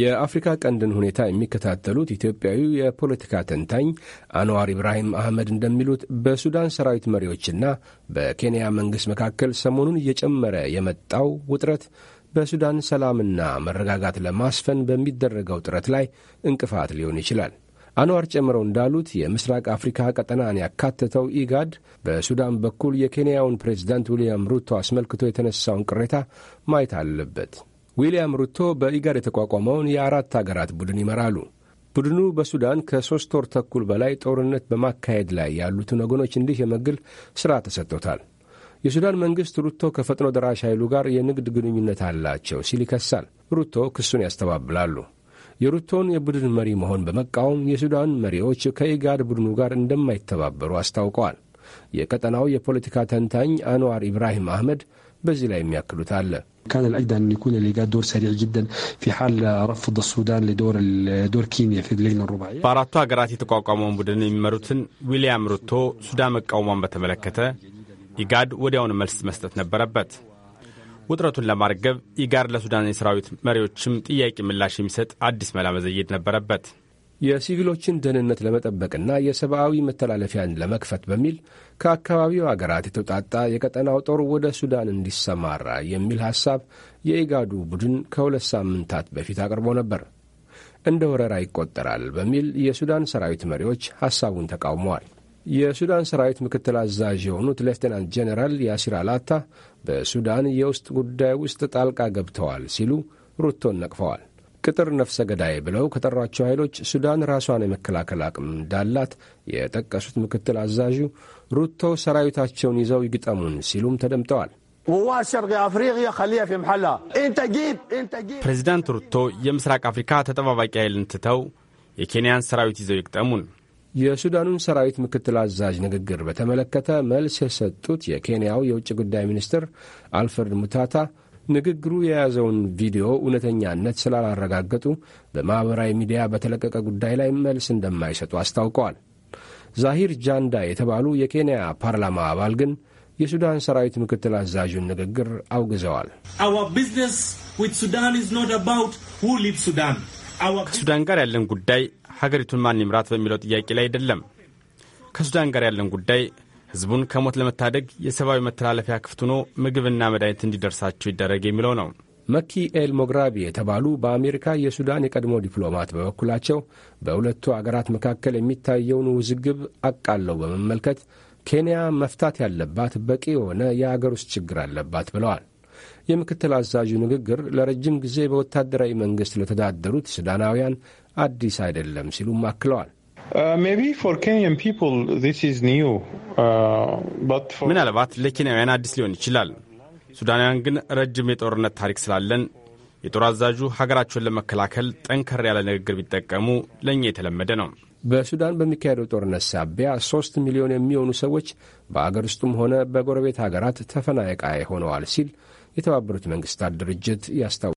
የአፍሪካ ቀንድን ሁኔታ የሚከታተሉት ኢትዮጵያዊ የፖለቲካ ተንታኝ አንዋር ኢብራሂም አህመድ እንደሚሉት በሱዳን ሰራዊት መሪዎችና በኬንያ መንግሥት መካከል ሰሞኑን እየጨመረ የመጣው ውጥረት በሱዳን ሰላምና መረጋጋት ለማስፈን በሚደረገው ጥረት ላይ እንቅፋት ሊሆን ይችላል። አንዋር ጨምረው እንዳሉት የምስራቅ አፍሪካ ቀጠናን ያካተተው ኢጋድ በሱዳን በኩል የኬንያውን ፕሬዝዳንት ዊልያም ሩቶ አስመልክቶ የተነሳውን ቅሬታ ማየት አለበት። ዊልያም ሩቶ በኢጋድ የተቋቋመውን የአራት አገራት ቡድን ይመራሉ። ቡድኑ በሱዳን ከሦስት ወር ተኩል በላይ ጦርነት በማካሄድ ላይ ያሉትን ወገኖች እንዲህ የመግል ሥራ ተሰጥቶታል። የሱዳን መንግሥት ሩቶ ከፈጥኖ ደራሽ ኃይሉ ጋር የንግድ ግንኙነት አላቸው ሲል ይከሳል። ሩቶ ክሱን ያስተባብላሉ። የሩቶን የቡድን መሪ መሆን በመቃወም የሱዳን መሪዎች ከኢጋድ ቡድኑ ጋር እንደማይተባበሩ አስታውቀዋል። የቀጠናው የፖለቲካ ተንታኝ አንዋር ኢብራሂም አህመድ በዚህ ላይ የሚያክሉት አለ። كان الاجدى ان يكون الايجاد دور سريع جدا في حال رفض السودان لدور دور كينيا في اللجنه الرباعيه. باراتو اغراتي تقاقمون بدن يمرتن ويليام روتو سودان مقاومون بتملكته ايجاد وديون ملس مستت نبربت. ውጥረቱን ለማርገብ ኢጋድ ለሱዳን የሰራዊት መሪዎችም ጥያቄ ምላሽ የሚሰጥ አዲስ መላ መዘየድ ነበረበት። የሲቪሎችን ደህንነት ለመጠበቅና የሰብአዊ መተላለፊያን ለመክፈት በሚል ከአካባቢው አገራት የተውጣጣ የቀጠናው ጦር ወደ ሱዳን እንዲሰማራ የሚል ሐሳብ የኢጋዱ ቡድን ከሁለት ሳምንታት በፊት አቅርቦ ነበር። እንደ ወረራ ይቆጠራል በሚል የሱዳን ሰራዊት መሪዎች ሐሳቡን ተቃውመዋል። የሱዳን ሰራዊት ምክትል አዛዥ የሆኑት ሌፍተናንት ጄኔራል ያሲር አላታ በሱዳን የውስጥ ጉዳይ ውስጥ ጣልቃ ገብተዋል ሲሉ ሩቶን ነቅፈዋል። ቅጥር ነፍሰ ገዳይ ብለው ከጠሯቸው ኃይሎች ሱዳን ራሷን የመከላከል አቅም እንዳላት የጠቀሱት ምክትል አዛዡ ሩቶ ሰራዊታቸውን ይዘው ይግጠሙን ሲሉም ተደምጠዋል። ፕሬዚዳንት ሩቶ የምስራቅ አፍሪካ ተጠባባቂ ኃይልን ትተው የኬንያን ሰራዊት ይዘው ይግጠሙን። የሱዳኑን ሰራዊት ምክትል አዛዥ ንግግር በተመለከተ መልስ የሰጡት የኬንያው የውጭ ጉዳይ ሚኒስትር አልፍርድ ሙታታ ንግግሩ የያዘውን ቪዲዮ እውነተኛነት ስላላረጋገጡ በማኅበራዊ ሚዲያ በተለቀቀ ጉዳይ ላይ መልስ እንደማይሰጡ አስታውቀዋል። ዛሂር ጃንዳ የተባሉ የኬንያ ፓርላማ አባል ግን የሱዳን ሰራዊት ምክትል አዛዡን ንግግር አውግዘዋል። ከሱዳን ጋር ያለን ጉዳይ ሀገሪቱን ማን ይምራት በሚለው ጥያቄ ላይ አይደለም። ከሱዳን ጋር ያለን ጉዳይ ህዝቡን ከሞት ለመታደግ የሰብአዊ መተላለፊያ ክፍት ሆኖ ምግብና መድኃኒት እንዲደርሳቸው ይደረግ የሚለው ነው። መኪ ኤል ሞግራቢ የተባሉ በአሜሪካ የሱዳን የቀድሞ ዲፕሎማት በበኩላቸው በሁለቱ አገራት መካከል የሚታየውን ውዝግብ አቃለው በመመልከት ኬንያ መፍታት ያለባት በቂ የሆነ የአገር ውስጥ ችግር አለባት ብለዋል። የምክትል አዛዡ ንግግር ለረጅም ጊዜ በወታደራዊ መንግሥት ለተዳደሩት ሱዳናውያን አዲስ አይደለም ሲሉም አክለዋል። Uh, uh, ምናልባት ለኬንያውያን አዲስ ሊሆን ይችላል። ሱዳናውያን ግን ረጅም የጦርነት ታሪክ ስላለን የጦር አዛዡ ሀገራቸውን ለመከላከል ጠንከር ያለ ንግግር ቢጠቀሙ ለእኛ የተለመደ ነው። በሱዳን በሚካሄደው ጦርነት ሳቢያ ሶስት ሚሊዮን የሚሆኑ ሰዎች በአገር ውስጡም ሆነ በጎረቤት ሀገራት ተፈናቃይ ሆነዋል ሲል የተባበሩት መንግስታት ድርጅት ያስታው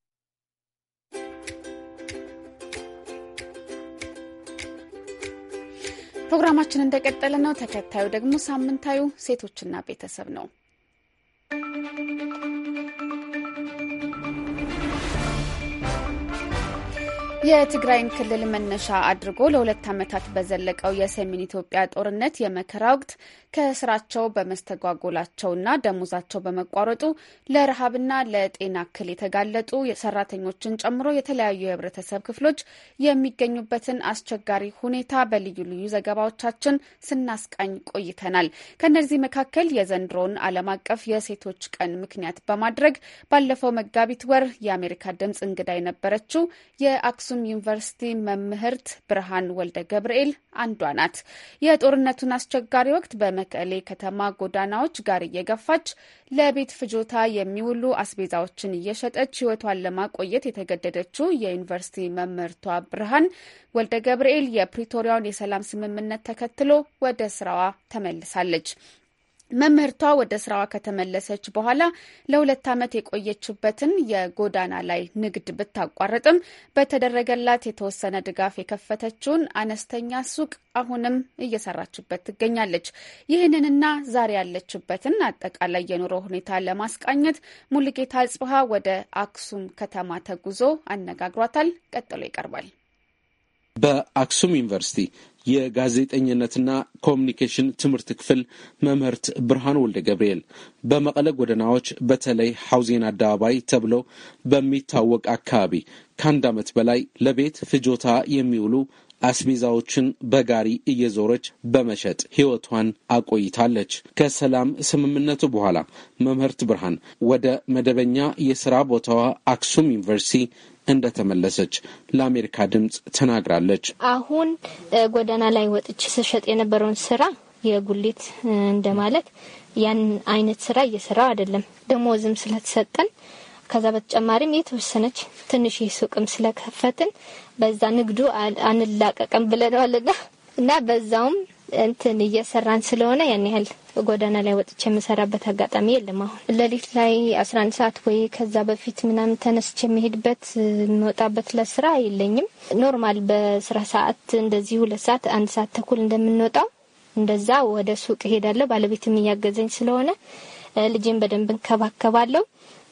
ፕሮግራማችን እንደቀጠለ ነው። ተከታዩ ደግሞ ሳምንታዩ ሴቶችና ቤተሰብ ነው። የትግራይን ክልል መነሻ አድርጎ ለሁለት ዓመታት በዘለቀው የሰሜን ኢትዮጵያ ጦርነት የመከራ ወቅት ከስራቸው በመስተጓጎላቸውና ደሞዛቸው በመቋረጡ ለረሃብና ለጤና እክል የተጋለጡ ሰራተኞችን ጨምሮ የተለያዩ የህብረተሰብ ክፍሎች የሚገኙበትን አስቸጋሪ ሁኔታ በልዩ ልዩ ዘገባዎቻችን ስናስቃኝ ቆይተናል። ከእነዚህ መካከል የዘንድሮውን ዓለም አቀፍ የሴቶች ቀን ምክንያት በማድረግ ባለፈው መጋቢት ወር የአሜሪካ ድምፅ እንግዳ የነበረችው የአክሱም ዩኒቨርሲቲ መምህርት ብርሃን ወልደ ገብርኤል አንዷ ናት። የጦርነቱን አስቸጋሪ ወቅት በመ መቀሌ ከተማ ጎዳናዎች ጋር እየገፋች ለቤት ፍጆታ የሚውሉ አስቤዛዎችን እየሸጠች ሕይወቷን ለማቆየት የተገደደችው የዩኒቨርሲቲ መምህርቷ ብርሃን ወልደ ገብርኤል የፕሪቶሪያውን የሰላም ስምምነት ተከትሎ ወደ ስራዋ ተመልሳለች። መምህርቷ ወደ ስራዋ ከተመለሰች በኋላ ለሁለት ዓመት የቆየችበትን የጎዳና ላይ ንግድ ብታቋርጥም በተደረገላት የተወሰነ ድጋፍ የከፈተችውን አነስተኛ ሱቅ አሁንም እየሰራችበት ትገኛለች። ይህንንና ዛሬ ያለችበትን አጠቃላይ የኑሮ ሁኔታ ለማስቃኘት ሙልጌታ ጽብሃ ወደ አክሱም ከተማ ተጉዞ አነጋግሯታል። ቀጥሎ ይቀርባል። በአክሱም ዩኒቨርሲቲ የጋዜጠኝነትና ኮሚኒኬሽን ትምህርት ክፍል መምህርት ብርሃን ወልደ ገብርኤል በመቀለ ጎደናዎች በተለይ ሐውዜን አደባባይ ተብሎ በሚታወቅ አካባቢ ከአንድ ዓመት በላይ ለቤት ፍጆታ የሚውሉ አስቤዛዎችን በጋሪ እየዞረች በመሸጥ ህይወቷን አቆይታለች። ከሰላም ስምምነቱ በኋላ መምህርት ብርሃን ወደ መደበኛ የሥራ ቦታዋ አክሱም ዩኒቨርሲቲ እንደተመለሰች ለአሜሪካ ድምፅ ተናግራለች። አሁን ጎዳና ላይ ወጥቼ ስሸጥ የነበረውን ስራ የጉሊት እንደማለት ያን አይነት ስራ እየሰራው አይደለም። ደሞዝም ስለተሰጠን ከዛ በተጨማሪም የተወሰነች ትንሽ ሱቅም ስለከፈትን በዛ ንግዱ አንላቀቅም ብለናልና እና በዛውም እንትን እየሰራን ስለሆነ ያን ያህል ጎዳና ላይ ወጥቼ የምሰራበት አጋጣሚ የለም። አሁን ሌሊት ላይ አስራ አንድ ሰዓት ወይ ከዛ በፊት ምናምን ተነስቼ የሚሄድበት የምወጣበት ለስራ የለኝም። ኖርማል በስራ ሰዓት እንደዚህ ሁለት ሰዓት አንድ ሰዓት ተኩል እንደምንወጣው እንደዛ ወደ ሱቅ እሄዳለሁ። ባለቤትም እያገዘኝ ስለሆነ ልጄን በደንብ እንከባከባለሁ።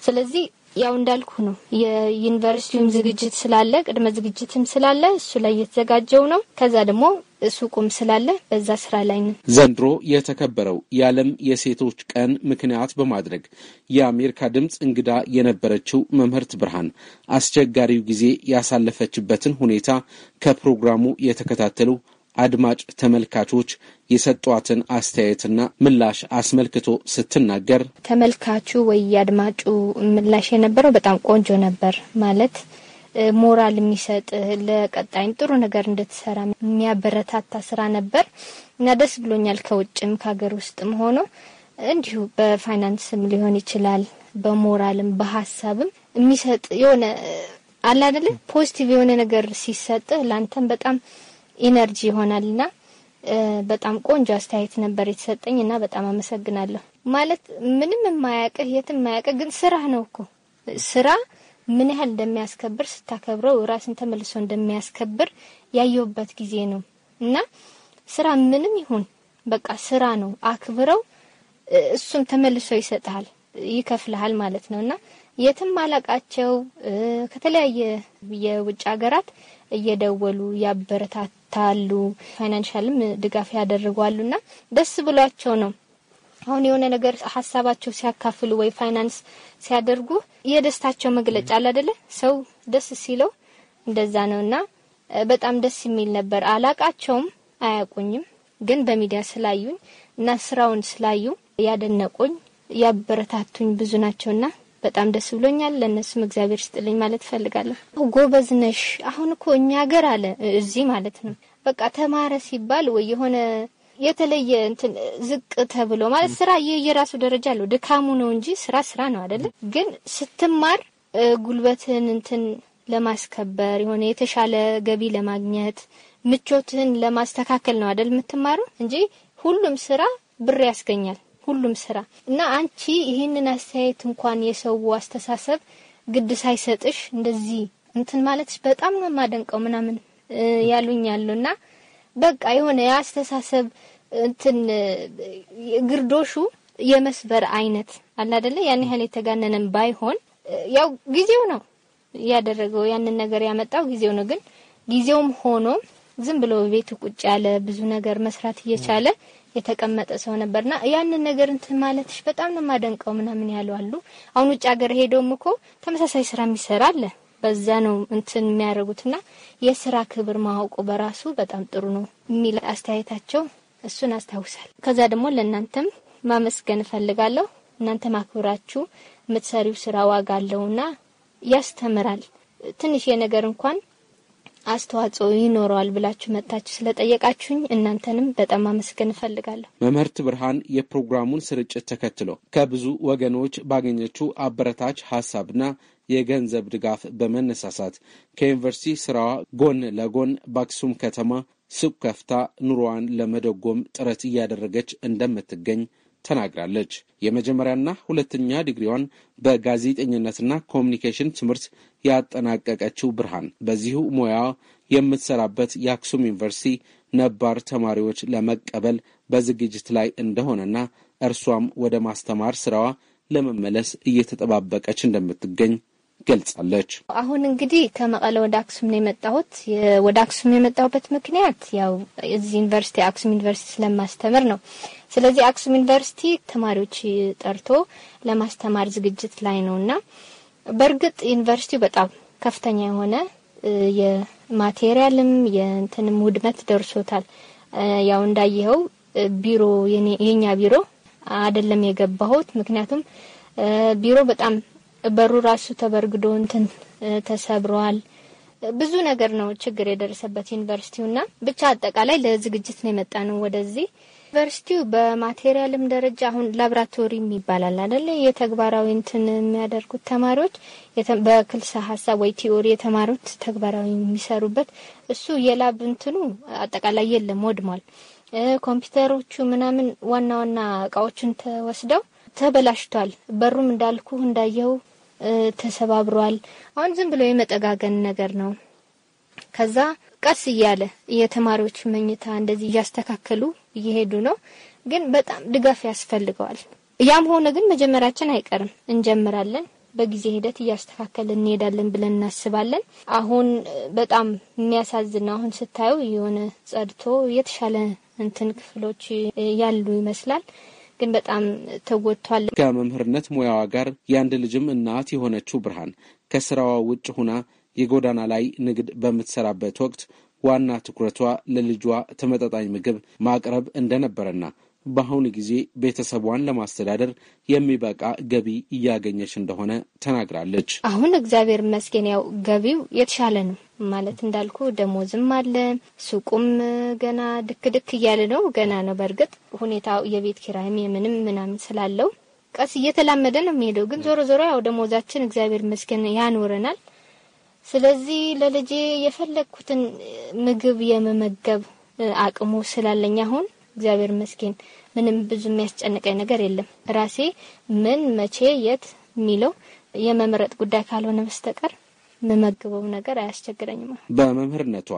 ስለዚህ ያው እንዳልኩ ነው። የዩኒቨርሲቲውም ዝግጅት ስላለ ቅድመ ዝግጅትም ስላለ እሱ ላይ የተዘጋጀው ነው። ከዛ ደግሞ ሱቁም ስላለ በዛ ስራ ላይ ነው። ዘንድሮ የተከበረው የዓለም የሴቶች ቀን ምክንያት በማድረግ የአሜሪካ ድምፅ እንግዳ የነበረችው መምህርት ብርሃን አስቸጋሪው ጊዜ ያሳለፈችበትን ሁኔታ ከፕሮግራሙ የተከታተሉ አድማጭ ተመልካቾች የሰጧትን አስተያየትና ምላሽ አስመልክቶ ስትናገር ተመልካቹ ወይ አድማጩ ምላሽ የነበረው በጣም ቆንጆ ነበር ማለት ሞራል የሚሰጥ ለቀጣይም ጥሩ ነገር እንድትሰራ የሚያበረታታ ስራ ነበር እና ደስ ብሎኛል። ከውጭም ከሀገር ውስጥም ሆኖ እንዲሁ በፋይናንስም ሊሆን ይችላል፣ በሞራልም በሀሳብም የሚሰጥ የሆነ አለ አይደለ ፖዚቲቭ የሆነ ነገር ሲሰጥ ለአንተም በጣም ኢነርጂ ይሆናል እና በጣም ቆንጆ አስተያየት ነበር የተሰጠኝ እና በጣም አመሰግናለሁ። ማለት ምንም የማያውቅህ የትም የማያውቅህ ግን ስራ ነው እኮ ስራ ምን ያህል እንደሚያስከብር ስታከብረው ራስን ተመልሶ እንደሚያስከብር ያየውበት ጊዜ ነው እና ስራ ምንም ይሁን በቃ ስራ ነው አክብረው፣ እሱም ተመልሶ ይሰጥሃል ይከፍልሃል ማለት ነው እና የትም አላቃቸው ከተለያየ የውጭ ሀገራት እየደወሉ ያበረታታሉ፣ ፋይናንሻልም ድጋፍ ያደርጓሉና ደስ ብሏቸው ነው አሁን የሆነ ነገር ሀሳባቸው ሲያካፍሉ ወይ ፋይናንስ ሲያደርጉ የደስታቸው መግለጫ አለ አደለ? ሰው ደስ ሲለው እንደዛ ነው እና በጣም ደስ የሚል ነበር። አላቃቸውም፣ አያቁኝም፣ ግን በሚዲያ ስላዩኝ እና ስራውን ስላዩ ያደነቁኝ ያበረታቱኝ ብዙ ናቸውና በጣም ደስ ብሎኛል። ለእነሱም እግዚአብሔር ስጥልኝ ማለት እፈልጋለሁ። ጎበዝ ነሽ። አሁን እኮ እኛ ሀገር አለ እዚህ ማለት ነው በቃ ተማረ ሲባል ወይ የሆነ የተለየ እንትን ዝቅ ተብሎ ማለት ስራ የየራሱ ደረጃ አለው። ድካሙ ነው እንጂ ስራ ስራ ነው አይደለም። ግን ስትማር ጉልበትን እንትን ለማስከበር የሆነ የተሻለ ገቢ ለማግኘት ምቾትን ለማስተካከል ነው አይደል የምትማረው እንጂ ሁሉም ስራ ብር ያስገኛል። ሁሉም ስራ እና አንቺ ይህንን አስተያየት እንኳን የሰው አስተሳሰብ ግድ ሳይሰጥሽ እንደዚህ እንትን ማለትሽ በጣም ነው የማደንቀው ምናምን ያሉኝ ያሉና በቃ የሆነ የአስተሳሰብ እንትን ግርዶሹ የመስበር አይነት አለ አይደለ? ያን ያህል የተጋነነም ባይሆን ያው ጊዜው ነው ያደረገው ያንን ነገር ያመጣው ጊዜው ነው። ግን ጊዜውም ሆኖ ዝም ብሎ ቤቱ ቁጭ ያለ ብዙ ነገር መስራት እየቻለ የተቀመጠ ሰው ነበርና ያንን ነገር እንትን ማለትሽ በጣም ነው ማደንቀው ምናምን ያለው አሉ። አሁን ውጭ ሀገር ሄደውም እኮ ተመሳሳይ ስራ የሚሰራ አለ። በዛ ነው እንትን የሚያደርጉትና የስራ ክብር ማወቁ በራሱ በጣም ጥሩ ነው የሚል አስተያየታቸው እሱን አስታውሳል። ከዛ ደግሞ ለእናንተም ማመስገን እፈልጋለሁ። እናንተ ማክብራችሁ የምትሰሪው ስራ ዋጋ አለውና ያስተምራል። ትንሽ የነገር እንኳን አስተዋጽኦ ይኖረዋል ብላችሁ መጥታችሁ ስለጠየቃችሁኝ እናንተንም በጣም አመስገን እፈልጋለሁ። መምህርት ብርሃን የፕሮግራሙን ስርጭት ተከትሎ ከብዙ ወገኖች ባገኘችው አበረታች ሀሳብና የገንዘብ ድጋፍ በመነሳሳት ከዩኒቨርሲቲ ስራዋ ጎን ለጎን በአክሱም ከተማ ሱቅ ከፍታ ኑሮዋን ለመደጎም ጥረት እያደረገች እንደምትገኝ ተናግራለች። የመጀመሪያና ሁለተኛ ዲግሪዋን በጋዜጠኝነትና ኮሚኒኬሽን ትምህርት ያጠናቀቀችው ብርሃን በዚሁ ሙያዋ የምትሰራበት የአክሱም ዩኒቨርሲቲ ነባር ተማሪዎች ለመቀበል በዝግጅት ላይ እንደሆነና እርሷም ወደ ማስተማር ስራዋ ለመመለስ እየተጠባበቀች እንደምትገኝ ገልጻለች። አሁን እንግዲህ ከመቀለ ወደ አክሱም ነው የመጣሁት። ወደ አክሱም የመጣሁበት ምክንያት ያው እዚህ ዩኒቨርሲቲ አክሱም ዩኒቨርሲቲ ስለማስተምር ነው። ስለዚህ አክሱም ዩኒቨርሲቲ ተማሪዎች ጠርቶ ለማስተማር ዝግጅት ላይ እና በእርግጥ ዩኒቨርሲቲው በጣም ከፍተኛ የሆነ የማቴሪያልም የእንትንም ውድመት ደርሶታል። ያው እንዳየኸው ቢሮ የኛ ቢሮ አይደለም የገባሁት። ምክንያቱም ቢሮ በጣም በሩ ራሱ ተበርግዶ እንትን ተሰብሯል። ብዙ ነገር ነው ችግር የደረሰበት ዩኒቨርሲቲውና ብቻ አጠቃላይ ለዝግጅት ነው የመጣ ነው ወደዚህ ዩኒቨርሲቲው በማቴሪያልም ደረጃ አሁን ላብራቶሪ ይባላል አደለ? የተግባራዊ እንትን የሚያደርጉት ተማሪዎች በክልሰ ሀሳብ ወይ ቲዮሪ የተማሩት ተግባራዊ የሚሰሩበት እሱ የላብ እንትኑ አጠቃላይ የለም፣ ወድሟል። ኮምፒውተሮቹ ምናምን ዋና ዋና እቃዎችን ተወስደው ተበላሽቷል። በሩም እንዳልኩ እንዳየው ተሰባብሯል። አሁን ዝም ብሎ የመጠጋገን ነገር ነው። ከዛ ቀስ እያለ የተማሪዎች መኝታ እንደዚህ እያስተካከሉ እየሄዱ ነው። ግን በጣም ድጋፍ ያስፈልገዋል። ያም ሆነ ግን መጀመሪያችን አይቀርም፣ እንጀምራለን። በጊዜ ሂደት እያስተካከልን እንሄዳለን ብለን እናስባለን። አሁን በጣም የሚያሳዝን አሁን ስታዩ የሆነ ጸድቶ የተሻለ እንትን ክፍሎች ያሉ ይመስላል ግን በጣም ተጎድቷል። ከመምህርነት ሙያዋ ጋር የአንድ ልጅም እናት የሆነችው ብርሃን ከስራዋ ውጭ ሁና የጎዳና ላይ ንግድ በምትሰራበት ወቅት ዋና ትኩረቷ ለልጇ ተመጣጣኝ ምግብ ማቅረብ እንደነበረና በአሁኑ ጊዜ ቤተሰቧን ለማስተዳደር የሚበቃ ገቢ እያገኘች እንደሆነ ተናግራለች። አሁን እግዚአብሔር ይመስገን ያው ገቢው የተሻለ ነው ማለት እንዳልኩ ደሞዝም አለ። ሱቁም ገና ድክ ድክ እያለ ነው፣ ገና ነው። በእርግጥ ሁኔታው የቤት ኪራይም የምንም ምናምን ስላለው ቀስ እየተላመደ ነው የሚሄደው። ግን ዞሮ ዞሮ ያው ደሞዛችን እግዚአብሔር ይመስገን ያኖረናል። ስለዚህ ለልጄ የፈለግኩትን ምግብ የመመገብ አቅሙ ስላለኝ አሁን እግዚአብሔር መስኪን ምንም ብዙ የሚያስጨንቀኝ ነገር የለም። ራሴ ምን፣ መቼ፣ የት የሚለው የመምረጥ ጉዳይ ካልሆነ በስተቀር የምመግበው ነገር አያስቸግረኝም። በመምህርነቷ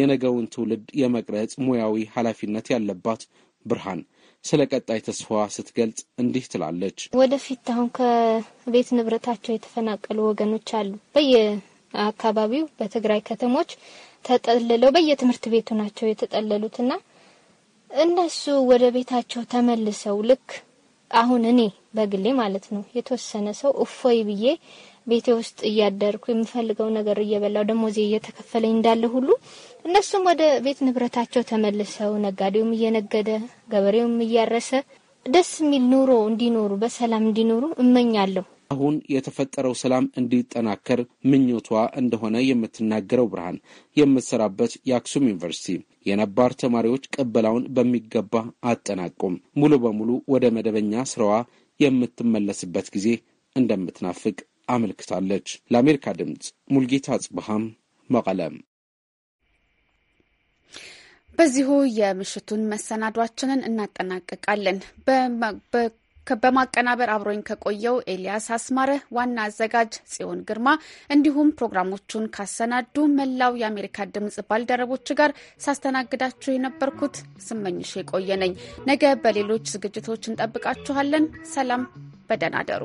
የነገውን ትውልድ የመቅረጽ ሙያዊ ኃላፊነት ያለባት ብርሃን ስለ ቀጣይ ተስፋዋ ስትገልጽ እንዲህ ትላለች። ወደፊት አሁን ከቤት ንብረታቸው የተፈናቀሉ ወገኖች አሉ በየ አካባቢው በትግራይ ከተሞች ተጠልለው በየትምህርት ቤቱ ናቸው የተጠለሉትና እነሱ ወደ ቤታቸው ተመልሰው ልክ አሁን እኔ በግሌ ማለት ነው የተወሰነ ሰው እፎይ ብዬ ቤቴ ውስጥ እያደርኩ የምፈልገው ነገር እየበላው ደሞዜ እየተከፈለኝ እንዳለ ሁሉ እነሱም ወደ ቤት ንብረታቸው ተመልሰው ነጋዴውም እየነገደ ገበሬውም እያረሰ ደስ የሚል ኑሮ እንዲኖሩ በሰላም እንዲኖሩ እመኛለሁ። አሁን የተፈጠረው ሰላም እንዲጠናከር ምኞቷ እንደሆነ የምትናገረው ብርሃን የምትሰራበት የአክሱም ዩኒቨርሲቲ የነባር ተማሪዎች ቅበላውን በሚገባ አጠናቁም ሙሉ በሙሉ ወደ መደበኛ ስራዋ የምትመለስበት ጊዜ እንደምትናፍቅ አመልክታለች። ለአሜሪካ ድምፅ ሙልጌታ አጽብሃም መቀለም። በዚሁ የምሽቱን መሰናዷችንን እናጠናቀቃለን። በማቀናበር አብሮኝ ከቆየው ኤልያስ አስማረ፣ ዋና አዘጋጅ ጽዮን ግርማ እንዲሁም ፕሮግራሞቹን ካሰናዱ መላው የአሜሪካ ድምጽ ባልደረቦች ጋር ሳስተናግዳችሁ የነበርኩት ስመኝሽ የቆየ ነኝ። ነገ በሌሎች ዝግጅቶች እንጠብቃችኋለን። ሰላም፣ በደህና አደሩ።